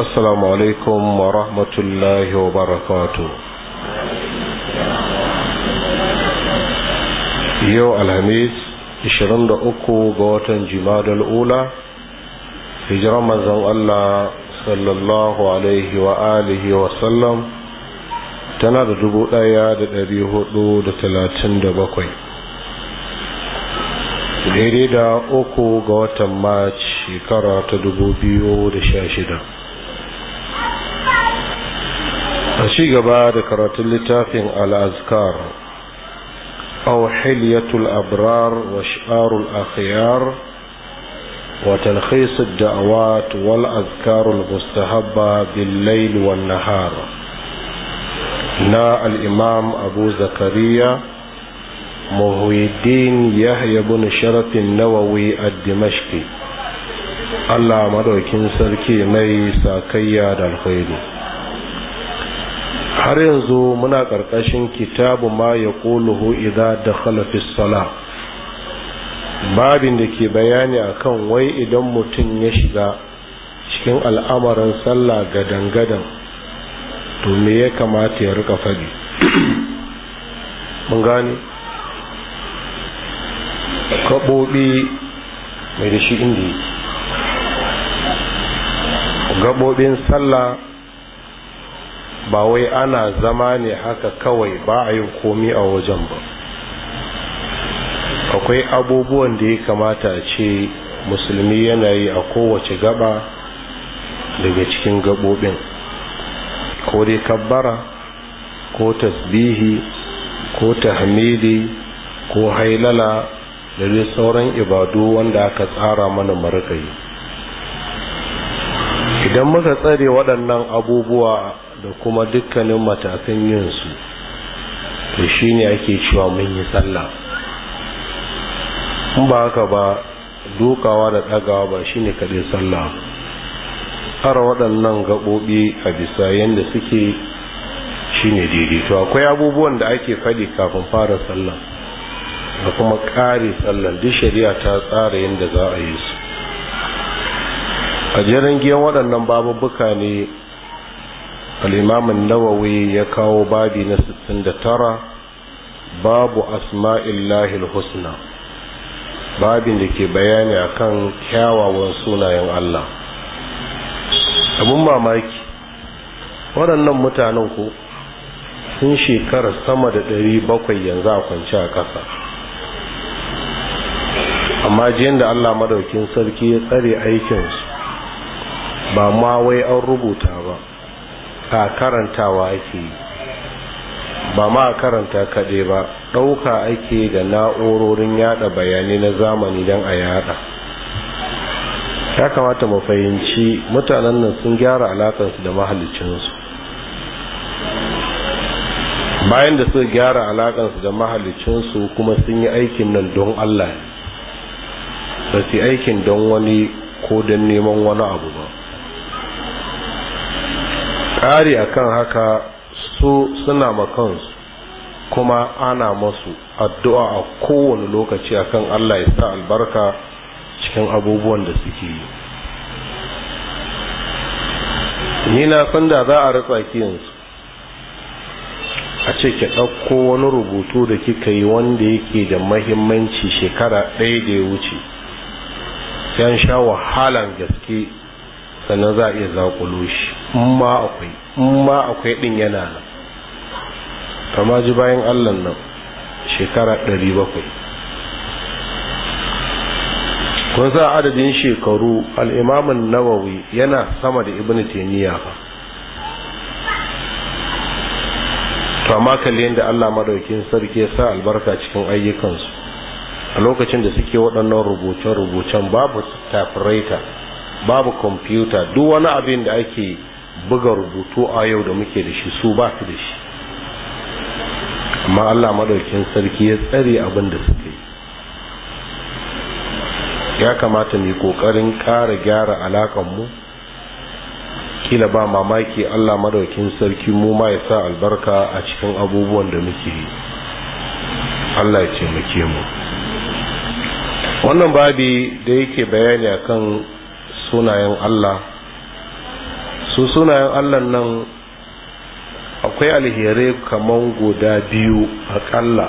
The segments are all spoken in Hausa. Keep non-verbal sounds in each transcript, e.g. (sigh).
السلام عليكم ورحمة الله وبركاته يو ga watan قوة جماد الأولى هجرة مزن الله صلى الله عليه وآله وسلم tana da dubu ɗaya da ɗari huɗu da talatin da bakwai daidai da uku ga watan march shekara ta dubu biyu da sha shida a ci gaba da karatun littafin al’azkar auhiliyatul abrar wa sha’arul akhiyar wa talhisar da'awat wal azkarul mustahabba billail wal nahar na al’imam abu zakariya muhuddin yahya bin sharafin nawa nawawi ad-dimashqi allah madaukin sarki mai sakayya da alkhairu har yanzu muna ƙarƙashin kitabu ma ya ƙoluhu idza da fi sala babin da ke bayani akan wai idan mutum ya shiga cikin al'amarin sallah gadan-gadan to me ya kamata ya rika faɗi mun gane gaɓoɓi mai da shi inda gaɓoɓin sallah ba wai ana zama ne haka kawai ba a yi komi a wajen ba akwai abubuwan da ya kamata ce musulmi yana yi a kowace gaba daga cikin gabobin ko dai kabbara ko tasbihi ko tahmidi ko hailala da dai sauran ibadu wanda aka tsara mana marikayi idan muka tsare waɗannan abubuwa da kuma dukkanin matakan yinsu to shi ne ake cewa mun yi sallah in ba haka ba dukawa da ɗagawa ba shi ne kaɗai sallah har waɗannan gaɓoɓi a bisa yadda suke shi ne daidaito akwai abubuwan da ake faɗi kafin fara sallah da kuma ƙari sallah duk shari'a ta tsara yadda za a yi su a jiran giyan waɗannan babubuka ne الإمام النووي يكاو بابي نسسن ترى باب أسماء الله الحسنى باب لكي بياني bayani كاوى ونسونا ين الله abun mamaki waɗannan mutanen ku sun shekara sama da ɗari bakwai yanzu a kwanci a ƙasa amma jiyan da allah madaukin sarki ya tsare aikinsu ba ma wai an rubuta ba a karantawa ake yi ba ma a karanta kaɗai ba ɗauka ake da na'urorin yada bayanai na zamani don a yada ya kamata mu fahimci mutanen nan sun gyara alakansu da mahallicinsu bayan da suka gyara alakansu da mahalicinsu kuma sun yi aikin nan don allah ba su aikin don wani ko don neman wani abu ba a akan haka su suna makansu kuma ana masu addu'a a kowane lokaci akan Allah ya sa albarka cikin abubuwan da suke yi ni na san da za a ratsa ki yanzu a ce ki ɗauko wani rubutu da kika yi wanda yake da mahimmanci shekara ɗaya da ya wuce yan sha wahalan gaske sannan za a iya zaƙulo shi in ma akwai in ma akwai din yana nan kama ji bayan allah nan shekara 700 kun sa adadin shekaru al'imamin nawawi yana sama da ibn taimiyya ba to amma kalli yadda allah madaukin sarki ya sa albarka cikin ayyukansu a lokacin da suke waɗannan rubuce-rubucen babu tafiraita babu kwamfuta duk wani abin da ake buga rubutu a yau da muke da shi su ba su da shi amma allah maɗaukin sarki ya tsare abin da suka yi ya kamata mai ƙoƙarin ƙara gyara mu kila ba mamaki allah maɗaukin sarki mu ma ya sa albarka a cikin abubuwan da muke yi allah ya ce mu wannan babi da yake bayani akan sunayen Allah su sunayen Allah nan akwai alherai kaman guda biyu aƙalla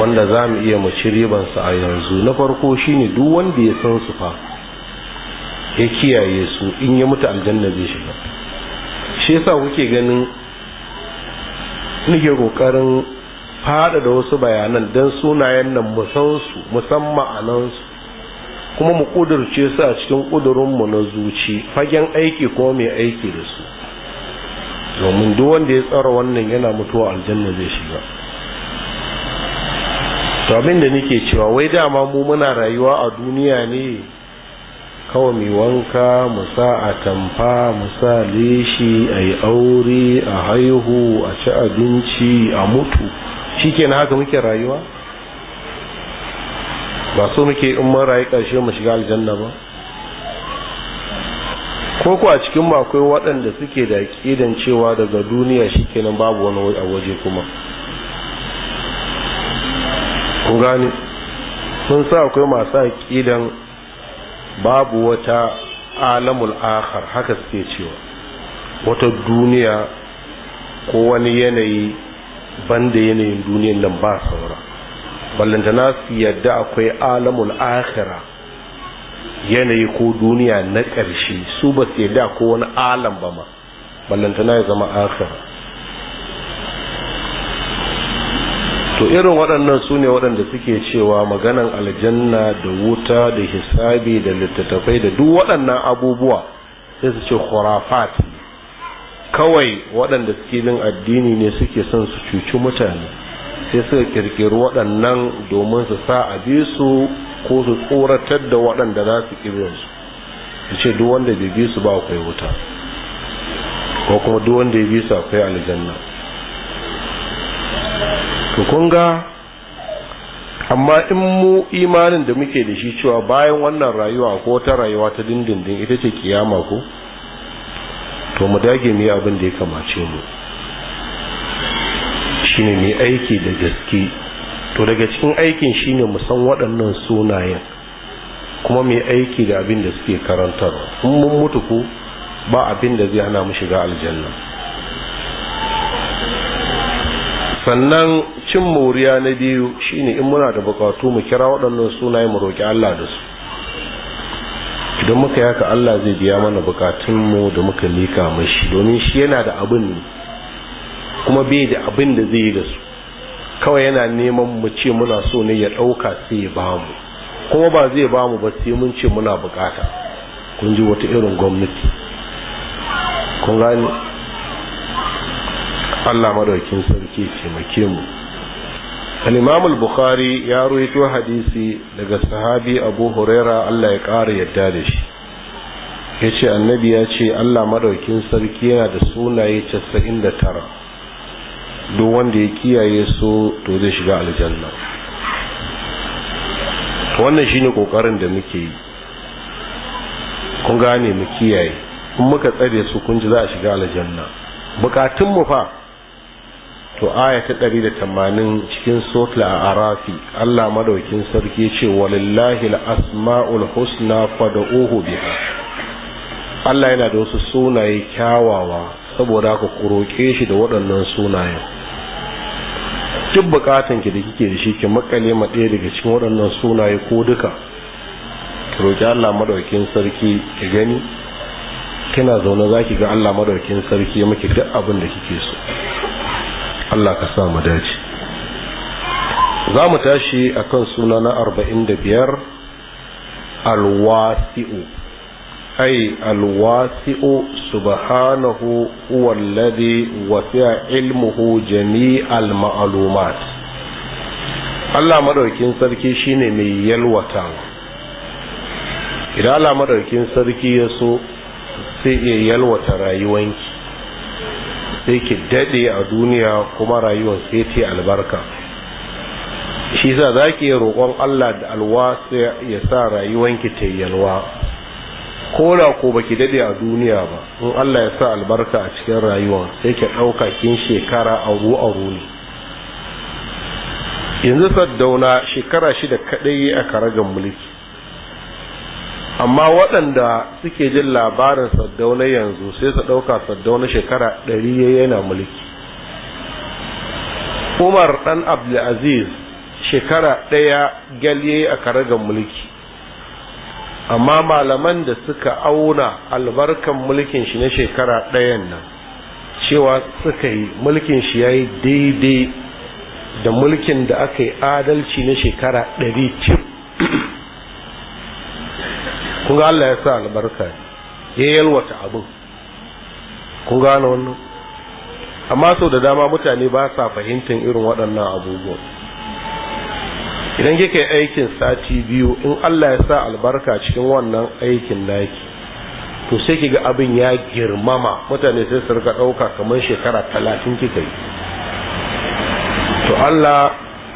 wanda za mu iya mace ribansa a yanzu na farko shine duk wanda ya san su fa ya kiyaye su in ya mutu aljanna zai shiga shi yasa kuke ganin nike kokarin fada da wasu bayanan don sunayen nan musan su musamman ma'anansu kuma mu kudurce su a cikin kudurinmu na zuci fagen aiki ko mai aiki da su domin duk wanda ya tsara wannan yana mutuwa aljanna zai shiga to abin da nake cewa wai dama mu muna rayuwa a duniya ne kawai mai wanka musa sa a tamfa mu sa leshi a yi aure a haihu a ci abinci a mutu shi haka muke rayuwa ba so muke in mun rayu ƙarshe mu shiga aljanna ba ko ko a cikin mu akwai waɗanda suke da ƙidan cewa daga duniya shikenan babu wani a waje kuma ku gane sun sa akwai masu ƙidan babu wata alamul akhar haka suke cewa wata duniya ko wani yanayi banda yanayin duniyan nan ba saura Ballanta na su yadda akwai alamun akhira yanayi ko duniya na ƙarshe su ba su yadda ko wani alam ba ma ballanta na ya zama akhira to irin waɗannan su ne waɗanda suke cewa maganan aljanna da wuta da hisabi da littattafai da duk waɗannan abubuwa sai su ce kawai waɗanda suke bin addini ne suke son su cuci mutane sai suka kirkiri waɗannan domin su sa a bi su ko su tsoratar da waɗanda za su ƙirinsu. su ce duk wanda bai bi su ba akwai wuta ko kuma duk wanda ya bi su akwai aljanna ku kun ga amma in mu imanin da muke da shi cewa bayan wannan rayuwa ko ta rayuwa ta dindindin ita ce kiyama ko to mu dage mu yi abin da ya kamace mu shine mai aiki da gaske to daga cikin aikin shine mu san waɗannan sunayen kuma mai aiki da abin da suke karantar in mun mutu ko ba abin da zai hana mu shiga aljanna sannan cin moriya na biyu shine in muna da bukatu mu kira waɗannan sunaye mu roƙi Allah da su idan muka yaka Allah zai biya mana bukatunmu da muka lika mashi domin shi yana da abin ne kuma bai da abin da zai yi da su kawai yana neman mu ce muna so ne ya ɗauka sai ya ba mu kuma ba zai ba mu ba sai mun ce muna bukata kun ji wata irin gwamnati kun gani Allah madaukin sarki make mu al-Imam al-Bukhari ya ruwaito hadisi daga sahabi Abu Huraira Allah ya ƙara yadda da shi yace annabi ya ce Allah madaukin sarki yana da sunaye 99 duk wanda ya kiyaye su to zai shiga aljanna wannan shine kokarin da muke yi kun gane mu kiyaye kun muka tsare su kun ji za a shiga aljanna bukatun mu fa to aya ta 180 cikin suratul arafi Allah madaukin sarki ce walillahi al-asmaul husna fad'uhu biha Allah yana da wasu sunaye kyawawa saboda haka ku roƙe shi da waɗannan sunayen duk bukatan ki da kike da shi ki makale ma ɗaya daga cikin waɗannan sunaye ko duka ki roƙi Allah madaukakin sarki ki gani kina zaune zaki ga Allah madaukakin sarki ya miki duk abin da kike so Allah ka sa mu dace za mu tashi akan suna na 45 alwasi'u أي الواسع سبحانه هو الذي وسع علمه جميع المعلومات madaukin Sarki shine mai yalwata idan Allah madaukin Sarki ya so sai ya yalwata rayuwanki sai ki daɗe a duniya kuma rayuwar sai ce albarka shi za ki roƙon allah da alwasu ya sa rayuwanki ta yalwa kora ko baki dade a duniya ba in Allah ya sa albarka a cikin rayuwa sai ka dauka kin shekara aru aru ne yanzu saddauna shekara shida kadai a karagan mulki amma waɗanda suke jin labarin saddauna yanzu sai su dauka saddauna shekara ɗari yana mulki umar dan abdulaziz shekara ɗaya galye a karagan mulki amma malaman da suka auna albarkan mulkin shi na shekara ɗayan nan cewa suka yi mulkin shi ya yi daidai da mulkin da aka yi adalci na shekara ɗari cin kunga Allah ya sa albarka ya yalwata abin kunga gane wannan amma sau da dama mutane ba sa fahimtar irin waɗannan abubuwan idan kika yi aikin sati biyu in Allah ya sa albarka cikin wannan aikin naki to sai kiga abin ya girmama mutane sai su rika dauka kamar shekara talatin kika yi to Allah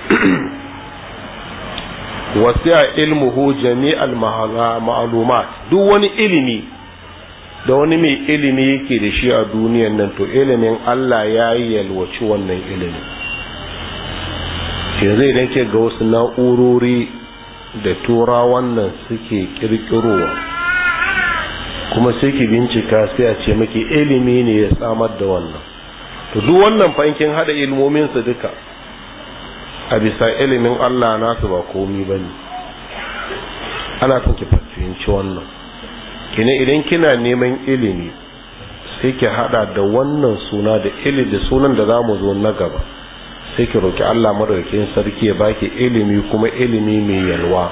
(clears throat) wasi'a ilmuhu jami'al ma'lumat duk wani ilimi da wani mai ilimi yake da shi a duniyan nan to ilimin Allah ya yi yalwaci wannan ilimin yanzu idan ke ga wasu na'urori da tura wannan suke kirkirowa kuma sai ki bincika sai a ce maki ilimi ne ya samar da wannan to duk wannan fankin hada su duka a bisa ilimin allah nasu ba komi ba ne ana son ki fahimci wannan kina idan kina neman ilimi sai ki hada da wannan suna da ilimi da sunan da za mu zo na gaba sai ki roki Allah madaukakin sarki ya baki ilimi kuma ilimi mai yalwa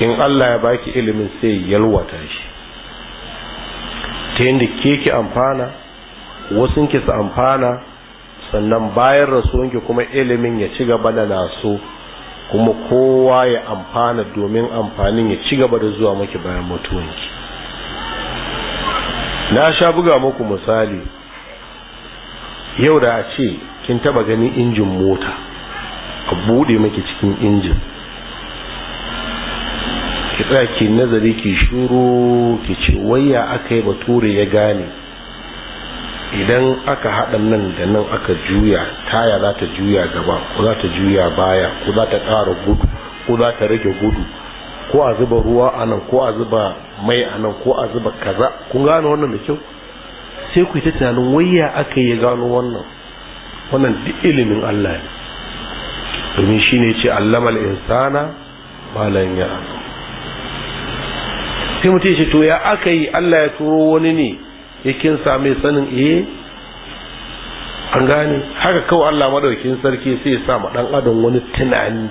in Allah ya baki ilimin sai yalwata shi ta yadda ke ki amfana wasu ki su amfana sannan bayan rasuwanki kuma ilimin ya ci gaba da naso kuma kowa ya amfana domin amfanin ya ci gaba da zuwa maki bayan mutuwanki na sha buga muku misali yau da a ce kin taba ganin injin mota a bude maki cikin injin ki tsaya ki nazari ki shuru ki ce waya aka yi bature ya gane idan aka haɗa nan da nan aka juya taya za ta juya gaba ko za ta juya baya ko za ta ƙara gudu ko za ta rage gudu ko a zuba ruwa a nan ko a zuba mai a nan ko a zuba kaza kun gane wannan da kyau sai ku yi ta tunanin waya aka yi gano wannan wannan duk ilimin Allah ne domin shi ne ce allamal insana malayin ya sai mutum shi to ya aka yi Allah ya turo wani ne ya yakin same sanin eh an gane haka kawai Allah madaukin sarki sai ya sa ma dan adam wani tunani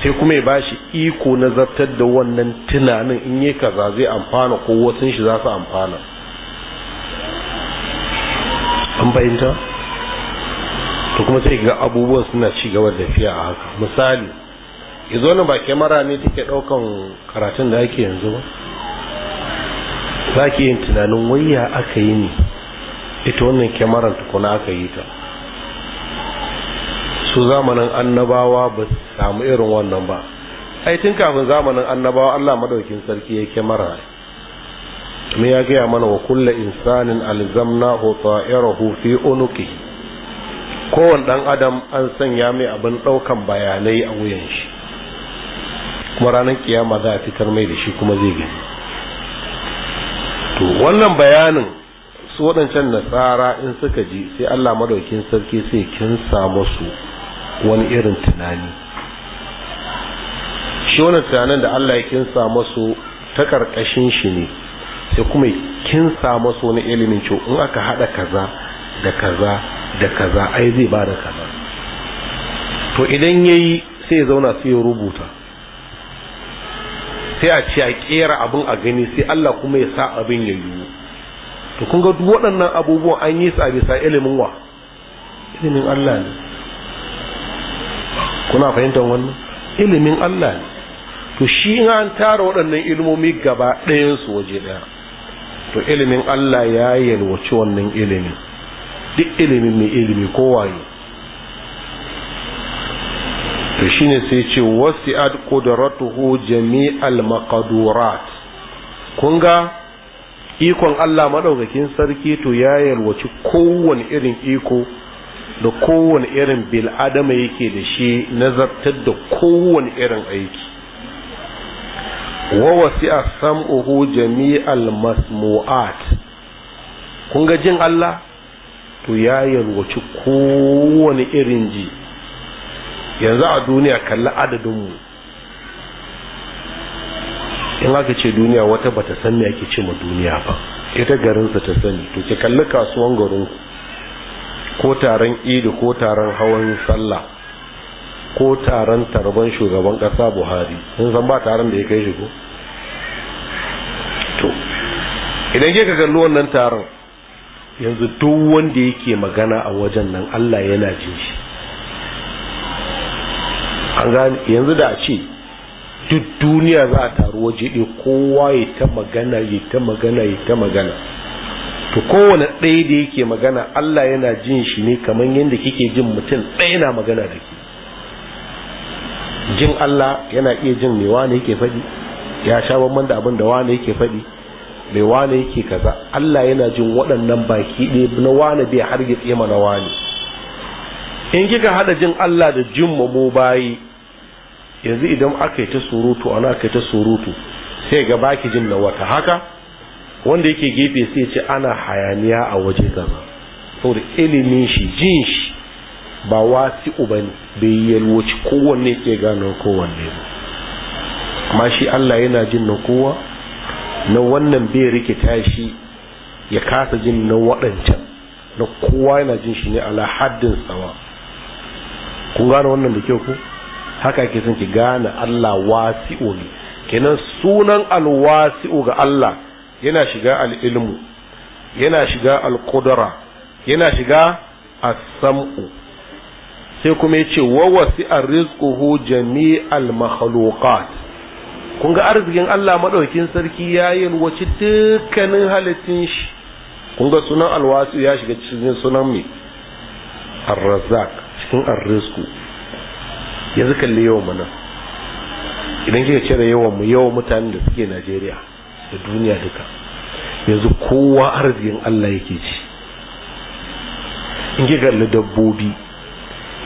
sai kuma ya bashi iko na zartar da wannan tunanin in yi kaza zai amfana ko wasan shi za su amfana an bayyanta to kuma sai ga abubuwan suna ci gaba da fiya a haka misali yanzu wannan ba kyamara ne take daukan karatun da ake yanzu ba za ki yin tunanin wayya aka yi ne ita wannan ta tukuna aka yi ta su zamanin annabawa ba su samu irin wannan ba ai tun kafin zamanin annabawa allah madaukin sarki ya kyamara me ya gaya mana wa kulla insanin alzamna hu ta'irahu fi unuki kowane dan adam an sanya mai abin daukan bayanai a wuyan shi kuma ranar kiyama za a fitar mai da shi kuma zai gani to wannan bayanin su waɗancan nasara in suka ji sai allah madaukin sarki sai kinsa musu wani irin tunani shi wani tunanin da allah ya kinsa musu ta karkashin shi ne sai kuma kinsa su wani ilimin cewa in aka haɗa kaza da kaza da kaza ai zai ba da kaza to idan ya yi sai ya zauna sai ya rubuta sai a ce a kera abin a gani sai Allah kuma ya sa abin ya yiwu to kun ga duk waɗannan abubuwan an yi sa bisa ilimin wa ilimin Allah ne kuna fahimtar wannan ilimin Allah ne to shi in an tara waɗannan ilmomi gaba ɗayansu waje ɗaya to ilimin Allah ya yalwaci wannan ilimin duk ilimin mai ilimi kowaye to shine sai ce wasi'at qudratuhu jami'al maqdurat kun ga ikon Allah madaukakin sarki to ya yalwaci kowane irin iko da kowane irin bil yake da shi nazartar da kowane irin aiki wa wasi'a sam'uhu jami'al masmu'at kun ga jin Allah to ya yalwaci kowane irin ji yanzu a duniya kalli adadinmu in aka ce duniya wata bata san me ake ce ma duniya ba ita garinsa ta sani to ke kalli kasuwan garinku ko taron idi ko taron hawan sallah ko taron tarban shugaban kasa buhari sun san ba taron da ya kai shi ko to idan ke ka kalli wannan taron yanzu duk wanda yake magana a wajen nan Allah yana jin shi yanzu da a ce duk duniya za a taru waje ɗaya kowa ya ta magana ya ta magana ya ta magana to kowane ɗaya da yake magana Allah yana jin shi ne kamar yadda kike jin mutum ɗaya na magana da ke jin Allah yana iya jin me wane yake faɗi ya sha bambam da abin da wane yake faɗi mai wane yake kaza Allah yana jin waɗannan baki ɗaya na wane bai hargitse na wane in kika hada jin Allah da jin mu bayi yanzu idan aka yi ta surutu ana aka yi ta surutu sai ga baki jin na wata haka wanda yake gefe sai ce ana hayaniya a waje kaza saboda ilimin shi jin shi ba wasi uban bai yalwaci kowanne ke gano kowanne ba amma shi Allah yana jin na kowa na wannan bai rikita shi ya kasa jin na waɗancan na kowa yana jin shi ne ala haddin tsawa kun gane wannan da ke ku haka ke sun ki gane Allah wasi'u ne kenan sunan alwasi'u ga Allah yana shiga al'ilmu yana shiga al'kudura yana shiga asam'u samu sai kuma ya ce wa wasi'a rizquhu jami'al makhluqat kun ga arzikin Allah maɗaukin sarki ya wace dukkanin halittun shi kun ga sunan alwasu ya shiga cikin sunan mai arrazak cikin arrisku ya zika yawan mana idan kika cire yawan mu yawan mutanen da suke Najeriya da duniya duka yanzu kowa arzikin Allah yake ci in kalli dabbobi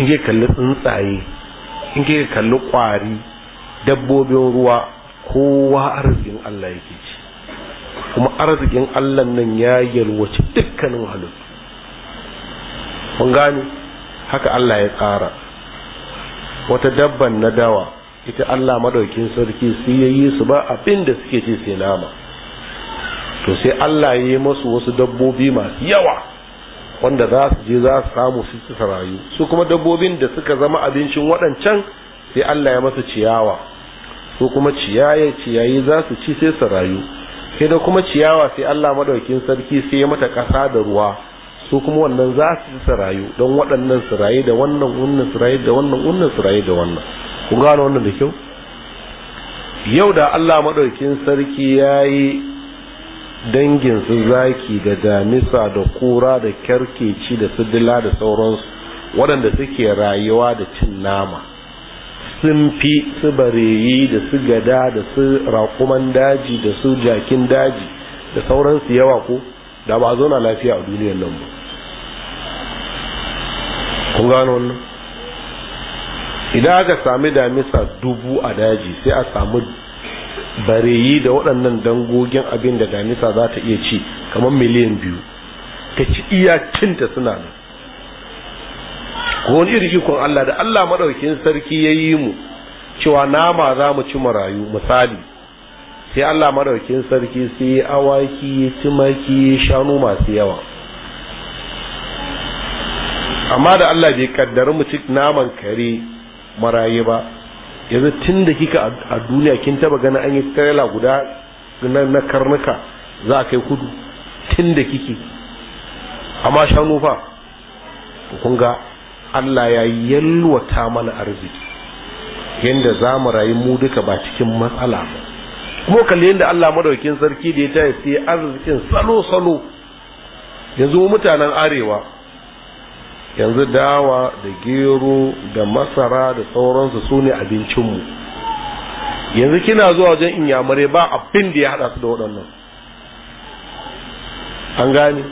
in ke kalli tsuntsaye in kika kalli kwari dabbobin ruwa kowa arzikin Allah yake ci kuma arzikin Allah nan ya yalwaci dukkanin halittu kun gane haka Allah ya tsara wata dabban na dawa ita Allah madaukin sarki su yayi su ba abin da suke ci sai nama to sai Allah ya yi masu wasu dabbobi masu yawa wanda za su je za su samu su rayu su kuma dabbobin da suka zama abincin waɗancan sai Allah ya masa ciyawa su kuma ciyaye ciyayi za su ci sai su rayu sai da kuma ciyawa sai Allah madaukin sarki sai ya mata ƙasa da ruwa su kuma wannan za su ci su rayu don waɗannan su rayu da wannan wannan su rayu da wannan wannan su rayu da wannan kun gano wannan da kyau yau da Allah madaukin sarki ya yi dangin su zaki da damisa da kura da kyarkeci da sidila da sauransu waɗanda suke rayuwa da cin nama sun fi su bareyi da su gada da su raƙuman daji da su jakin daji da sauransu yawa ko da ba zauna lafiya a duniyar nan ba kun gano wannan idan aka sami damisa dubu a daji sai a samu bareyi da waɗannan dangogin abin da damisa za ta iya ci kamar miliyan biyu ta ci iya cinta suna nan ko wani irin ikon Allah da Allah maɗaukin sarki ya yi mu cewa nama za mu ci marayu misali sai Allah madaukin sarki sai awaki tumaki shanu masu yawa amma da Allah bai kaddara mu ci naman kare marayu ba yanzu tun da kika a duniya kin taba gani an yi trailer guda na karnuka za a kai kudu tun da kike amma shanu fa kun ga Allah ya yalwata mana arziki yanda za mu rayu mu duka ba cikin matsala ba kuma kalli yadda Allah madaukin sarki da ya taya sai arzikin salo salo yanzu mutanen arewa yanzu dawa da gero da masara da sauransu su ne abincinmu yanzu kina zuwa wajen inyamurai ba abin da ya haɗa su da waɗannan an gane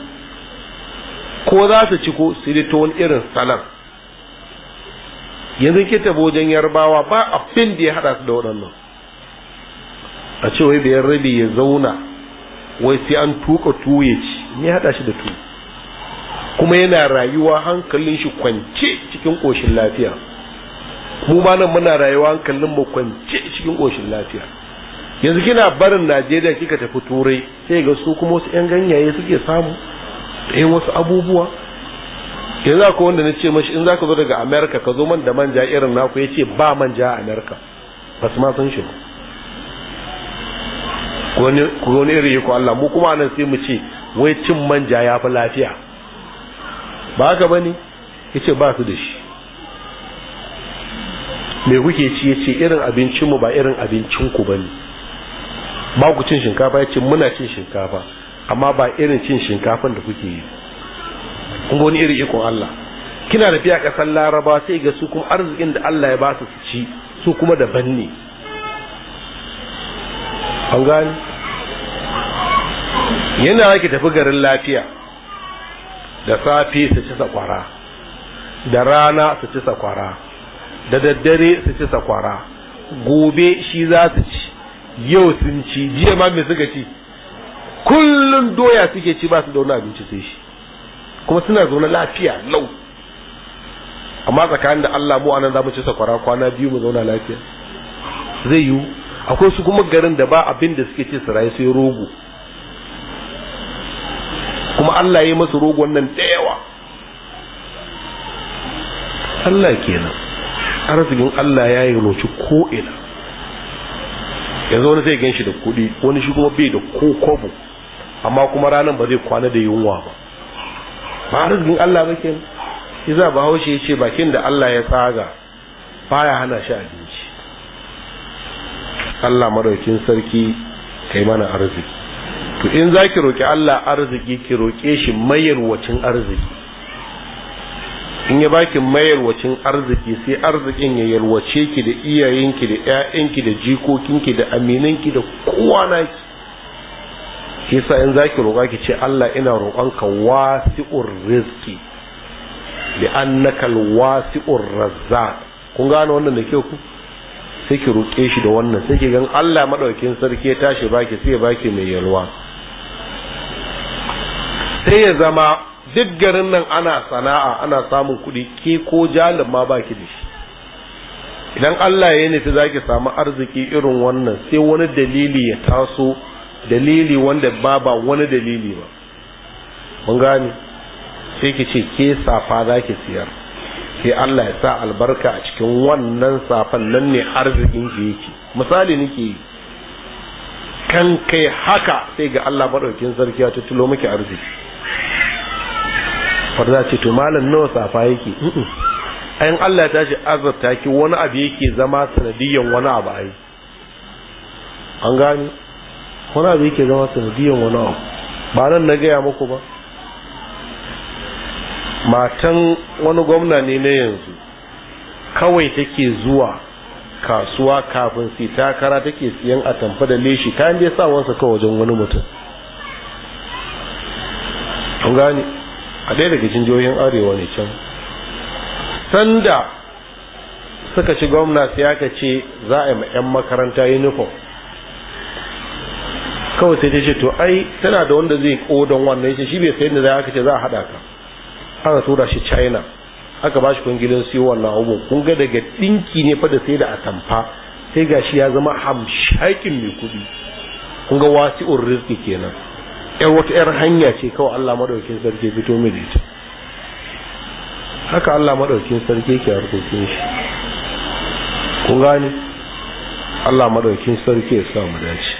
ko za su ci ko sai dai ta wani irin salar yanzu ke tabo wajen yarbawa ba abin da ya hada su da waɗannan a ce wai bayan rabi ya zauna wai sai an tuka tuye ci ne hada shi da tu kuma yana rayuwa hankalin shi kwance cikin ƙoshin lafiya mu ba nan muna rayuwa hankalin mu kwance cikin ƙoshin lafiya yanzu kina barin Najeriya kika tafi turai sai ga su kuma wasu yan ganyaye suke samu da wasu abubuwa yanzu ko wanda na ce mashi in za ka zo daga amerika ka zo man da manja irin naku ya ce ba manja a amerika ba su ma sun shi ku wani iri yi ku allah mu kuma nan sai mu ce wai cin manja ya fi lafiya ba haka ba ne ya ce ba su da shi me kuke ci ya ce irin abincinmu ba irin abincinku ba ne ba ku cin shinkafa ya ce muna cin shinkafa amma ba irin cin shinkafan da kuke yi kun wani iri ikon Allah kina da fiya kasan laraba sai ga su kuma arzikin da Allah ya ba su su ci su kuma da banne. an gani yana yake tafi garin lafiya da safe su ci sakwara da rana su ci sakwara da daddare su ci sakwara gobe shi za su ci yau sun ci jiya ma me suka ci kullum doya suke ci ba su da wani abinci sai shi kuma suna zaune lafiya lau amma tsakanin da Allah mu anan zamu ci sakwara kwana biyu mu zauna lafiya zai yiwu akwai su kuma garin da ba abin da suke ce su rayu sai rogo kuma Allah ya yi masa rogon nan da yawa Allah kenan arzikin Allah ya yi roci ko ina yanzu wani zai gan shi da kuɗi wani shi kuma bai da ko kobo amma kuma ranar ba zai kwana da yunwa ba ba arzikin Allah ba za kiza bahaushe ya ce bakin da Allah ya tsaga baya hana shi abinci Allah maraukin sarki kai mana arziki to in za ki roƙi Allah arziki ki roƙe shi mayarwacin arziki in ya baki mayarwacin arziki sai arzikin ya yarwace ki da iyayenki da 'ya'yanki da jikokinki da aminanki da kowa shi sa in zaki roƙa ki ce Allah ina roƙonka wasi'ur rizqi bi annaka alwasi'ur razzaq kun gane wannan da kyau ku sai ki roƙe shi da wannan sai ki gan Allah madaukin sarki ya tashi baki sai ya baki mai yalwa sai ya zama duk garin nan ana sana'a ana samun kuɗi ke ko jalin ma baki da shi idan Allah ya nufi zaki samu arziki irin wannan sai wani dalili ya taso dalili wanda ba ba wani dalili ba mun gane sai ki ce ke safa za ki siyar sai Allah ya sa albarka a cikin wannan safan nan ne arzikin ki yake misali nake yi kan kai haka sai ga Allah maɗaukin sarki ya tuttulo miki arziki farza ce to malam nawa safa yake ayin Allah ya tashi azabta ki wani abu yake zama sanadiyan wani abu ai an gani wani abu yake zama sanadiyan wani abu ba nan na gaya muku ba matan wani gwamna ne na yanzu kawai take zuwa kasuwa kafin su takara take siyan a tamfa da leshi kayan yi ya sa wansa kawai wajen wani mutum kun gani a ɗaya daga jihohin arewa ne can sanda suka ci gwamna sai aka ce za a yi ma 'yan makaranta uniform kawai sai ta ce to ai tana da wanda zai kodon wannan yace shi bai sai da zai aka ce za a hada ka aka tura shi china aka ba shi kungilin siyo wannan abubuwan kun ga daga dinki ne fa da sai da atamfa sai gashi ya zama hamshakin mai kuɗi kun ga wasi'ur rizki kenan yar wata yar hanya ce kawai Allah madaukakin sarki fito mai da ita haka Allah madaukakin sarki yake harkokin shi kun gane Allah madaukakin sarki ya sa mu dace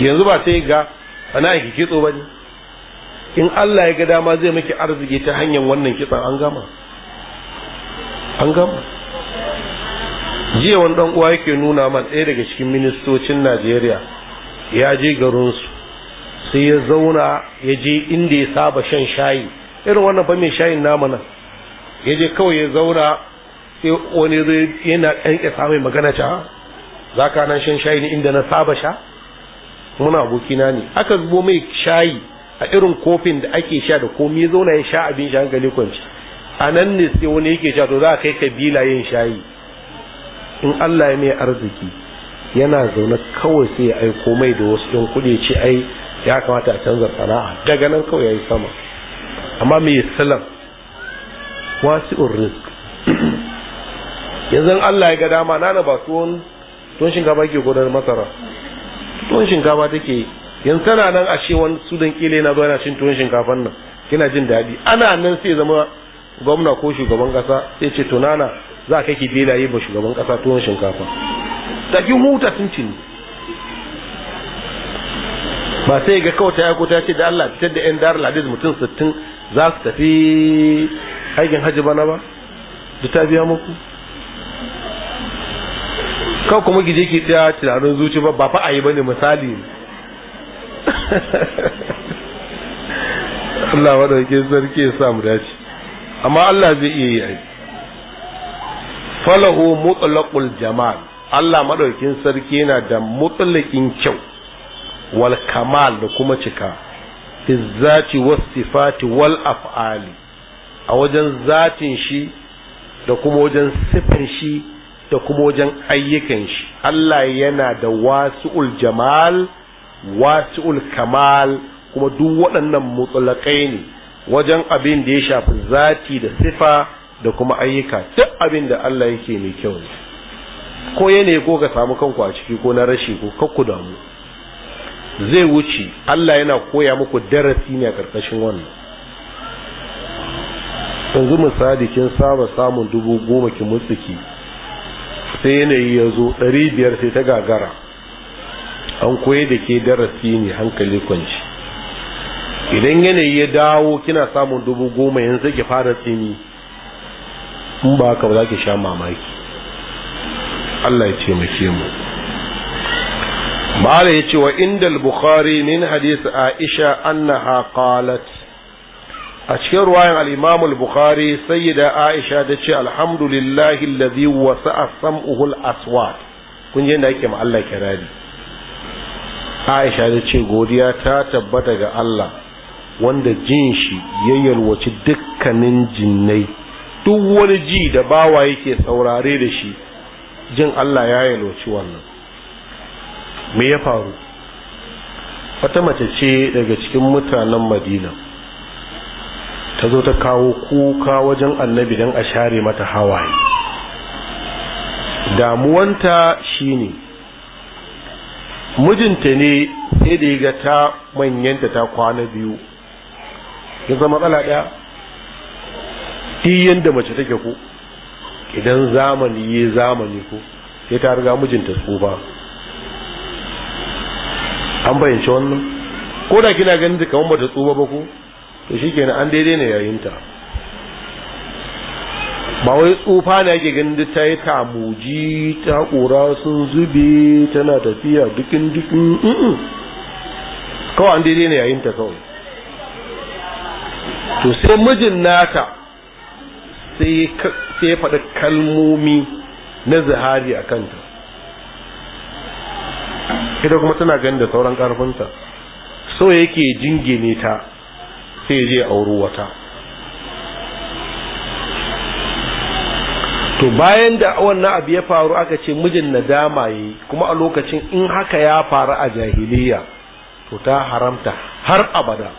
yanzu ba sai ga ana yake kitso ba ne in Allah ya ga dama zai miki arziki ta hanyar wannan kitsan an gama an gama jiya wani dan uwa yake nuna man ɗaya daga cikin ministocin Najeriya ya je su sai ya zauna ya je inda ya saba shan shayi irin wannan ba mai shayin nama nan ya je kawai ya zauna sai wani yana ɗan ƙasa mai magana ta ah, za ka nan shan shayi ne inda na saba sha muna abokina ne aka zubo mai shayi a irin kofin da ake sha da komai zauna ya sha abin shi hankali kwanci a nan ne sai wani yake sha to za a kai kabila yin shayi in Allah ya mai arziki yana zaune kawai sai ya aiko mai da wasu ɗin kuɗi ce ai ya kamata a canza sana'a daga nan kawai ya yi sama amma mai salam wasu risk (clears throat) yanzu Allah ya ga dama na ba tuwon tun shinkafa ke gudanar masara tuwon shinkafa take yi yanzu tana nan a ce wani sudan kila yana zo yana cin tuwon shinkafan nan kina jin daɗi ana nan sai zama gwamna ko shugaban kasa sai ce tunana za ka ki belaye ba shugaban kasa tuwon shinkafa tafi huta sun cin ba sai ga kawai ta yako ta ce da Allah fitar da yan dar ladis mutum sittin za su tafi aikin hajji bana ba Da ta biya muku kawai kuma gije ke tsaya tunanin zuci ba ba fa a yi bane misali (laughs) Allah wadauke sarki ya samu dace amma Allah zai iya yi yi falahu mutlaqul jamal Allah madaukin sarki yana da mutlaqin kyau wal kamal da kuma cika fi zati was sifati wal af'ali a wajen zatin shi da kuma wajen sifan shi da kuma wajen ayyukan shi Allah yana da wasi'ul jamal wasi'ul kamal kuma duk waɗannan mutsulakai ne wajen abin da ya shafi zati da sifa da kuma ayyuka duk abin da Allah yake mai kyau ne ko yane ko ka samu kanku a ciki ko na rashi ko kakku damu zai wuce Allah yana koya muku darasi ne a ƙarƙashin wannan yanzu misali kin saba samun dubu goma ki mutsuki sai yanayi ya zo ɗari biyar sai ta gagara an koyi da ke darasi ne hankali kwanci idan yanayi ya dawo kina samun dubu goma yanzu ki fara tsini in ba haka za ki sha mamaki Allah ya ce mace mu ma'ala ya ce wa inda al bukhari min hadith aisha annaha qalat a cikin ruwayan al-imam al-bukhari sayyida aisha ta ce alhamdulillahi alladhi wasu sam'uhu al aswa. kun je da yake ma kirari aisha ta ce godiya ta tabbata ga Allah wanda jin shi ya yalwaci dukkanin jinnai duk wani ji da bawa yake saurare da shi jin Allah ya yalwaci wannan me ya faru wata mace ce daga cikin mutanen madina ta zo ta kawo kuka wajen annabi don a share mata hawaye damuwanta shine mijinta ne sai da ga ta manyanta ta kwana biyu ya zama matsala ɗaya ɗiyan da mace take ku. idan zamani ya zamani ku. sai ta riga mijinta ba an bayyance wannan ko da kina ganin da kamar bata tsoba ba ku? to kenan an daidai ne yayinta ba wai tsufa ne ake ganin duk ta yi kamuji ta kura sun zube tana tafiya dukin dukin kawai an daidai ne yayinta kawai to sai mijin nata sai ya faɗi kalmomi na zahari a kanta ita kuma tana ganin da sauran ƙarfinta so yake jingine ta sai je auri wata to bayan da wannan abu ya faru aka ce mijin nadama yi kuma a lokacin in haka ya faru a jahiliya to ta haramta har abada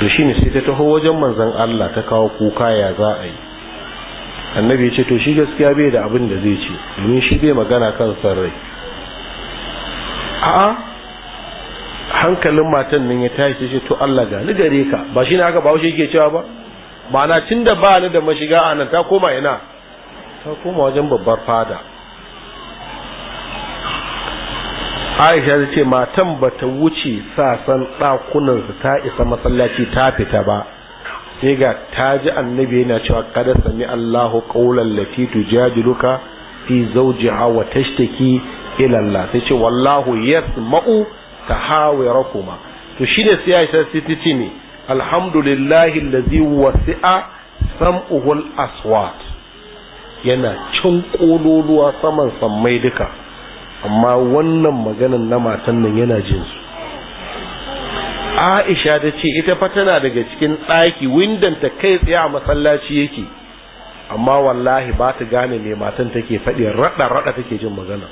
to shine sai ta taho wajen manzon Allah ta kawo kuka ya za a yi annabi ya ce to shi gaskiya bai da abin da zai ce domin shi bai magana kan san rai a'a hankalin matan nan ya tashi shi to Allah ga ni gare ka ba shi ne haka ba yake cewa ba ma'ana na da ba ni da mashiga a nan ta koma ina ta koma wajen babbar fada aisha ta ce matan ba ta wuce sasan ɗakunansu ta isa masallaci ta fita ba sai ga ta ji annabi yana cewa kada sami allahu qawlan lati tujadiluka fi zawjiha wa tashtaki ila Allah sai ce wallahu yasma'u tahawirakuma to shi ne sai ya sai ta ce alhamdulillahi allazi wasi'a sam'uhul aswat yana cin kololuwa saman sammai duka amma wannan maganan na matan nan yana jin su Aisha ta ce ita fa tana daga cikin ɗaki windanta kai tsaye a masallaci yake amma wallahi ba ta gane ne matan take faɗi raɗa raɗa take jin magana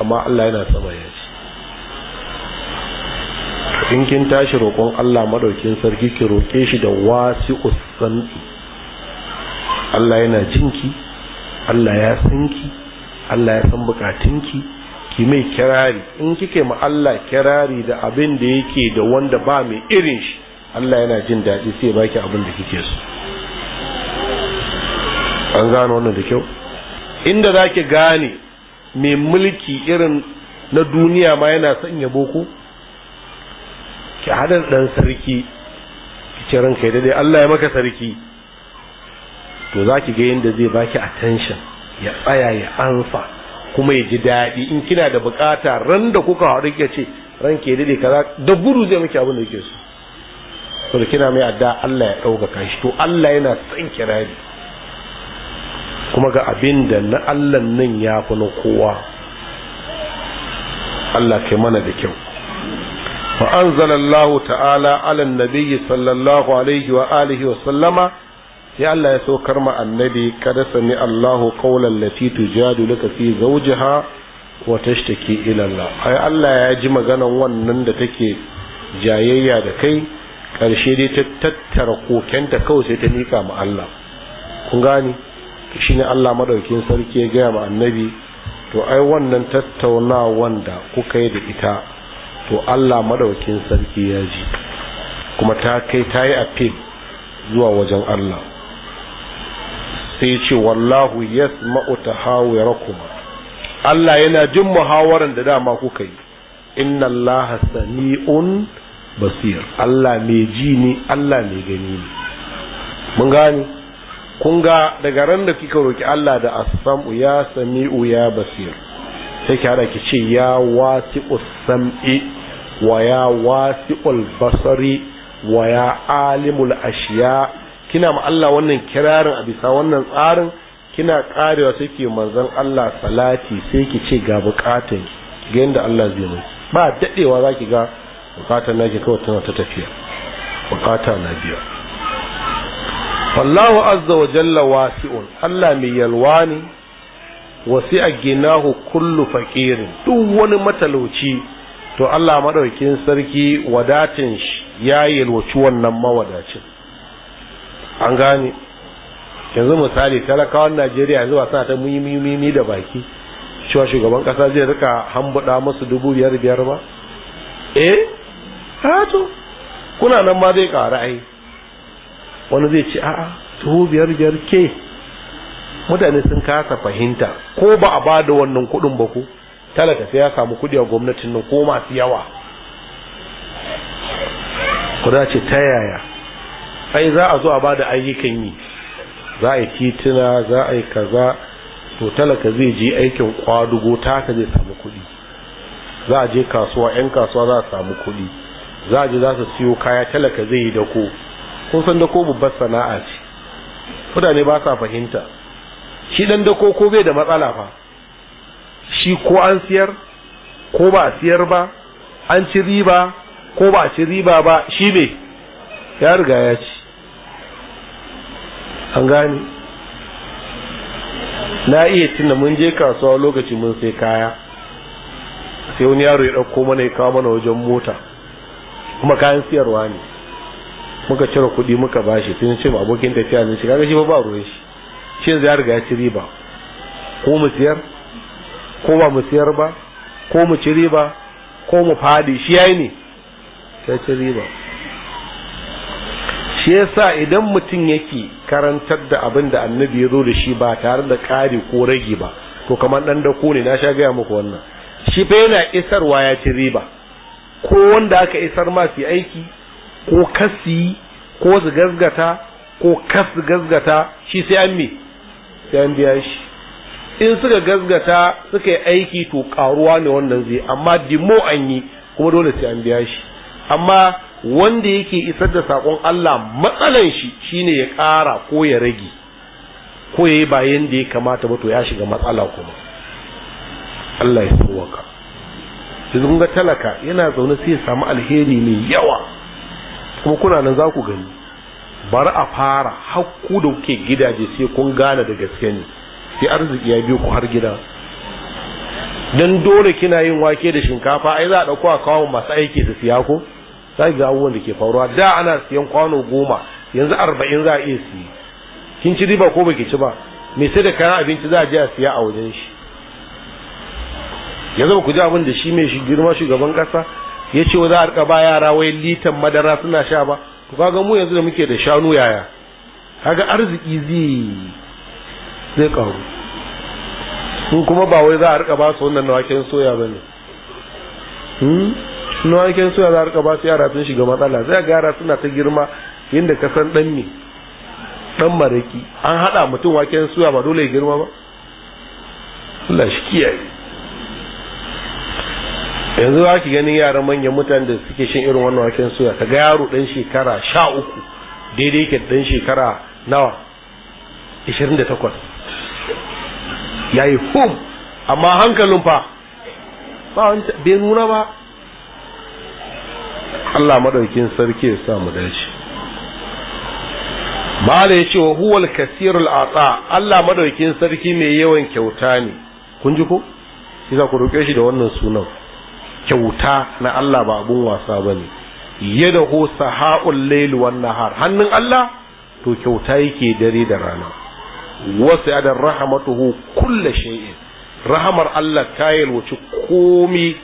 amma Allah yana sama ya ce in kin tashi roƙon Allah madaukin sarki ki roƙe shi da wasi santi Allah yana jinki Allah ya sanki Allah ya san bukatunki ki mai kirari in kike ma Allah kirari da abin da yake da wanda ba mai irin shi Allah yana jin daɗi sai baki abin da kike so an gano wannan da kyau inda zaki gane mai mulki irin na duniya ma yana son yabo ko ki haɗa dan sarki ki ce ranka daidai Allah ya maka sarki to za ki ga yadda zai baki attention ya tsaya ya ansa kuma ya ji daɗi in kina da bukata ran da kuka haɗu kika ce ran ke daidai kaza da gudu zai miki abin da yake so to kina mai adda Allah ya ɗaukaka shi to Allah yana san kirari kuma ga abin da na Allah nan ya fi na kowa Allah kai mana da kyau فأنزل الله تعالى على النبي صلى الله عليه وآله وسلم يا الله يسو كرم النبي قد سمع الله قولا التي تجادلك في زوجها وتشتكي إلى الله يا الله يا جمع غنى ونن da take jayayya da kai ƙarshe dai ta tattara kokenta kawai sai ta Allah shine Allah madaukin sarki ya gaya ma annabi to ai wannan tattaunawa wanda kuka yi da ita to Allah madaukin sarki ya ji kuma ta kai ta yi appeal zuwa wajen Allah sai ce wallahu yasma'u tahawirakum Allah yana jin muhawaran da dama kuka yi inna Allah sami'un basir Allah mai ji ne Allah mai gani ne mun gani kun ga daga ran da kika roki Allah da as ya sami'u ya basir sai ki hada ki ce ya wasi'us sam'i ويا واسع البصر basari عالم الاشياء alimul ashiya kina ma wannan kirarin a bisa wannan tsarin kina karewa sai ke manzon Allah salati sai ki ce ga bukatun ga yanda Allah zai mai ba dadewa zaki ga bukatar naki kawai tana ta tafiya bukata na biya wallahu azza wa jalla wasi'un Allah mai yalwani wasi'a ginahu kullu faqirin duk wani matalauci to Allah madaukin sarki wadatin shi ya yalwaci wannan mawadacin an gane yanzu misali talakawan Najeriya yanzu ba suna ta muhimmimi da baki cewa shugaban kasa zai rika hambuda musu dubu biyar biyar ba eh hato kuna nan ma zai ƙara ai wani zai ce a'a dubu biyar biyar ke mutane sun kasa fahimta ko ba a ba da wannan kuɗin ba ku talaka sai ya samu kudi a gwamnatin nan ko masu yawa ku ce ta yaya ai za a zo a da ayyukan yi za a yi tituna za a kaza to talaka zai je aikin kwadugo taka zai samu kudi za a je kasuwa yan kasuwa za a samu kudi za a je za su siyo kaya talaka zai yi dako kun san dako babbar sana'a ce kudane ba sa fahimta shi dan dako ko bai da matsala fa shi ko an siyar ko ba a siyar ba an ci riba ko ba a ci riba ba shi ne ya riga ya ci an gane na iya tuna mun je kasuwa lokaci mun sai kaya sai wani yaro ya ɗauko mana ya kawo mana wajen mota kuma kayan siyarwa ne muka cire kuɗi muka bashi sai ce ma abokin tafiya ne shi kaga shi ba ba ruwan shi shi yanzu ya riga ya ci riba ko mu siyar ko ba mu siyar ba ko mu ci riba ko mu fadi shi yayi ne ta ci riba shi yasa idan mutum yake karantar da abin da annabi ya zo da shi ba tare da ƙari ko rage ba to kamar ɗan da ne na sha gaya muku wannan shi fa yana isarwa ya ci riba ko wanda aka isar ma su aiki ko kasi ko su gazgata ko kas gazgata shi sai an me sai an biya shi in suka gasgata suka yi aiki to karuwa ne wannan zai amma dimo an yi kuma dole sai an biya shi amma wanda yake isar da sakon Allah matsalan shi shine ya ƙara ko ya rage ko ya yi ba yanda ya kamata ba to ya shiga matsala kuma Allah ya tsawaka yanzu kun ga talaka yana zaune sai ya samu alheri mai yawa kuma kuna nan za ku gani bari a fara hakku da kuke gidaje sai kun gane da gaske ne sai arziki ya biyo ku har gida dan dole kina yin wake da shinkafa ai za a dauko a kawo masu aiki su siya ko sai ga abubuwan da ke faruwa da ana siyan kwano goma yanzu arba'in za a iya siya. kin ci riba ko baki ci ba me sai da kayan abinci za a je a siya a wajen shi yanzu ba ku ji abin da shi mai shi girma shugaban kasa ya ce za a rika ba yara wai litan madara suna sha ba ku ga mu yanzu da muke da shanu yaya kaga arziki zai zai karu su kuma ba wai za a rika ba su wannan nawaken soya ba ne hmm? nawaken soya za a rika ba su yara sun shiga matsala zai ga yara suna ta girma yadda ka san dan ne dan maraki an hada mutum waken soya ba dole ya girma ba Allah shi kiyaye yanzu za ki ganin yaran manyan mutanen da suke shan irin wannan waken soya ka ga yaro dan shekara sha uku daidai ke dan shekara nawa 28 yayi fom amma hankalin fa ba bai nuna ba Allah madaukin sarki ya sa mu dace mala yace wa huwal kasir Allah madaukin sarki mai yawan kyauta ne kun ji ko kisa ku roke shi da wannan sunan kyauta na Allah ba abun wasa bane ho sahaul layl wan nahar hannun Allah to kyauta yake dare da rana wasi'at rahmatuhu kulli shay'in rahamar Allah ta yalwaci komi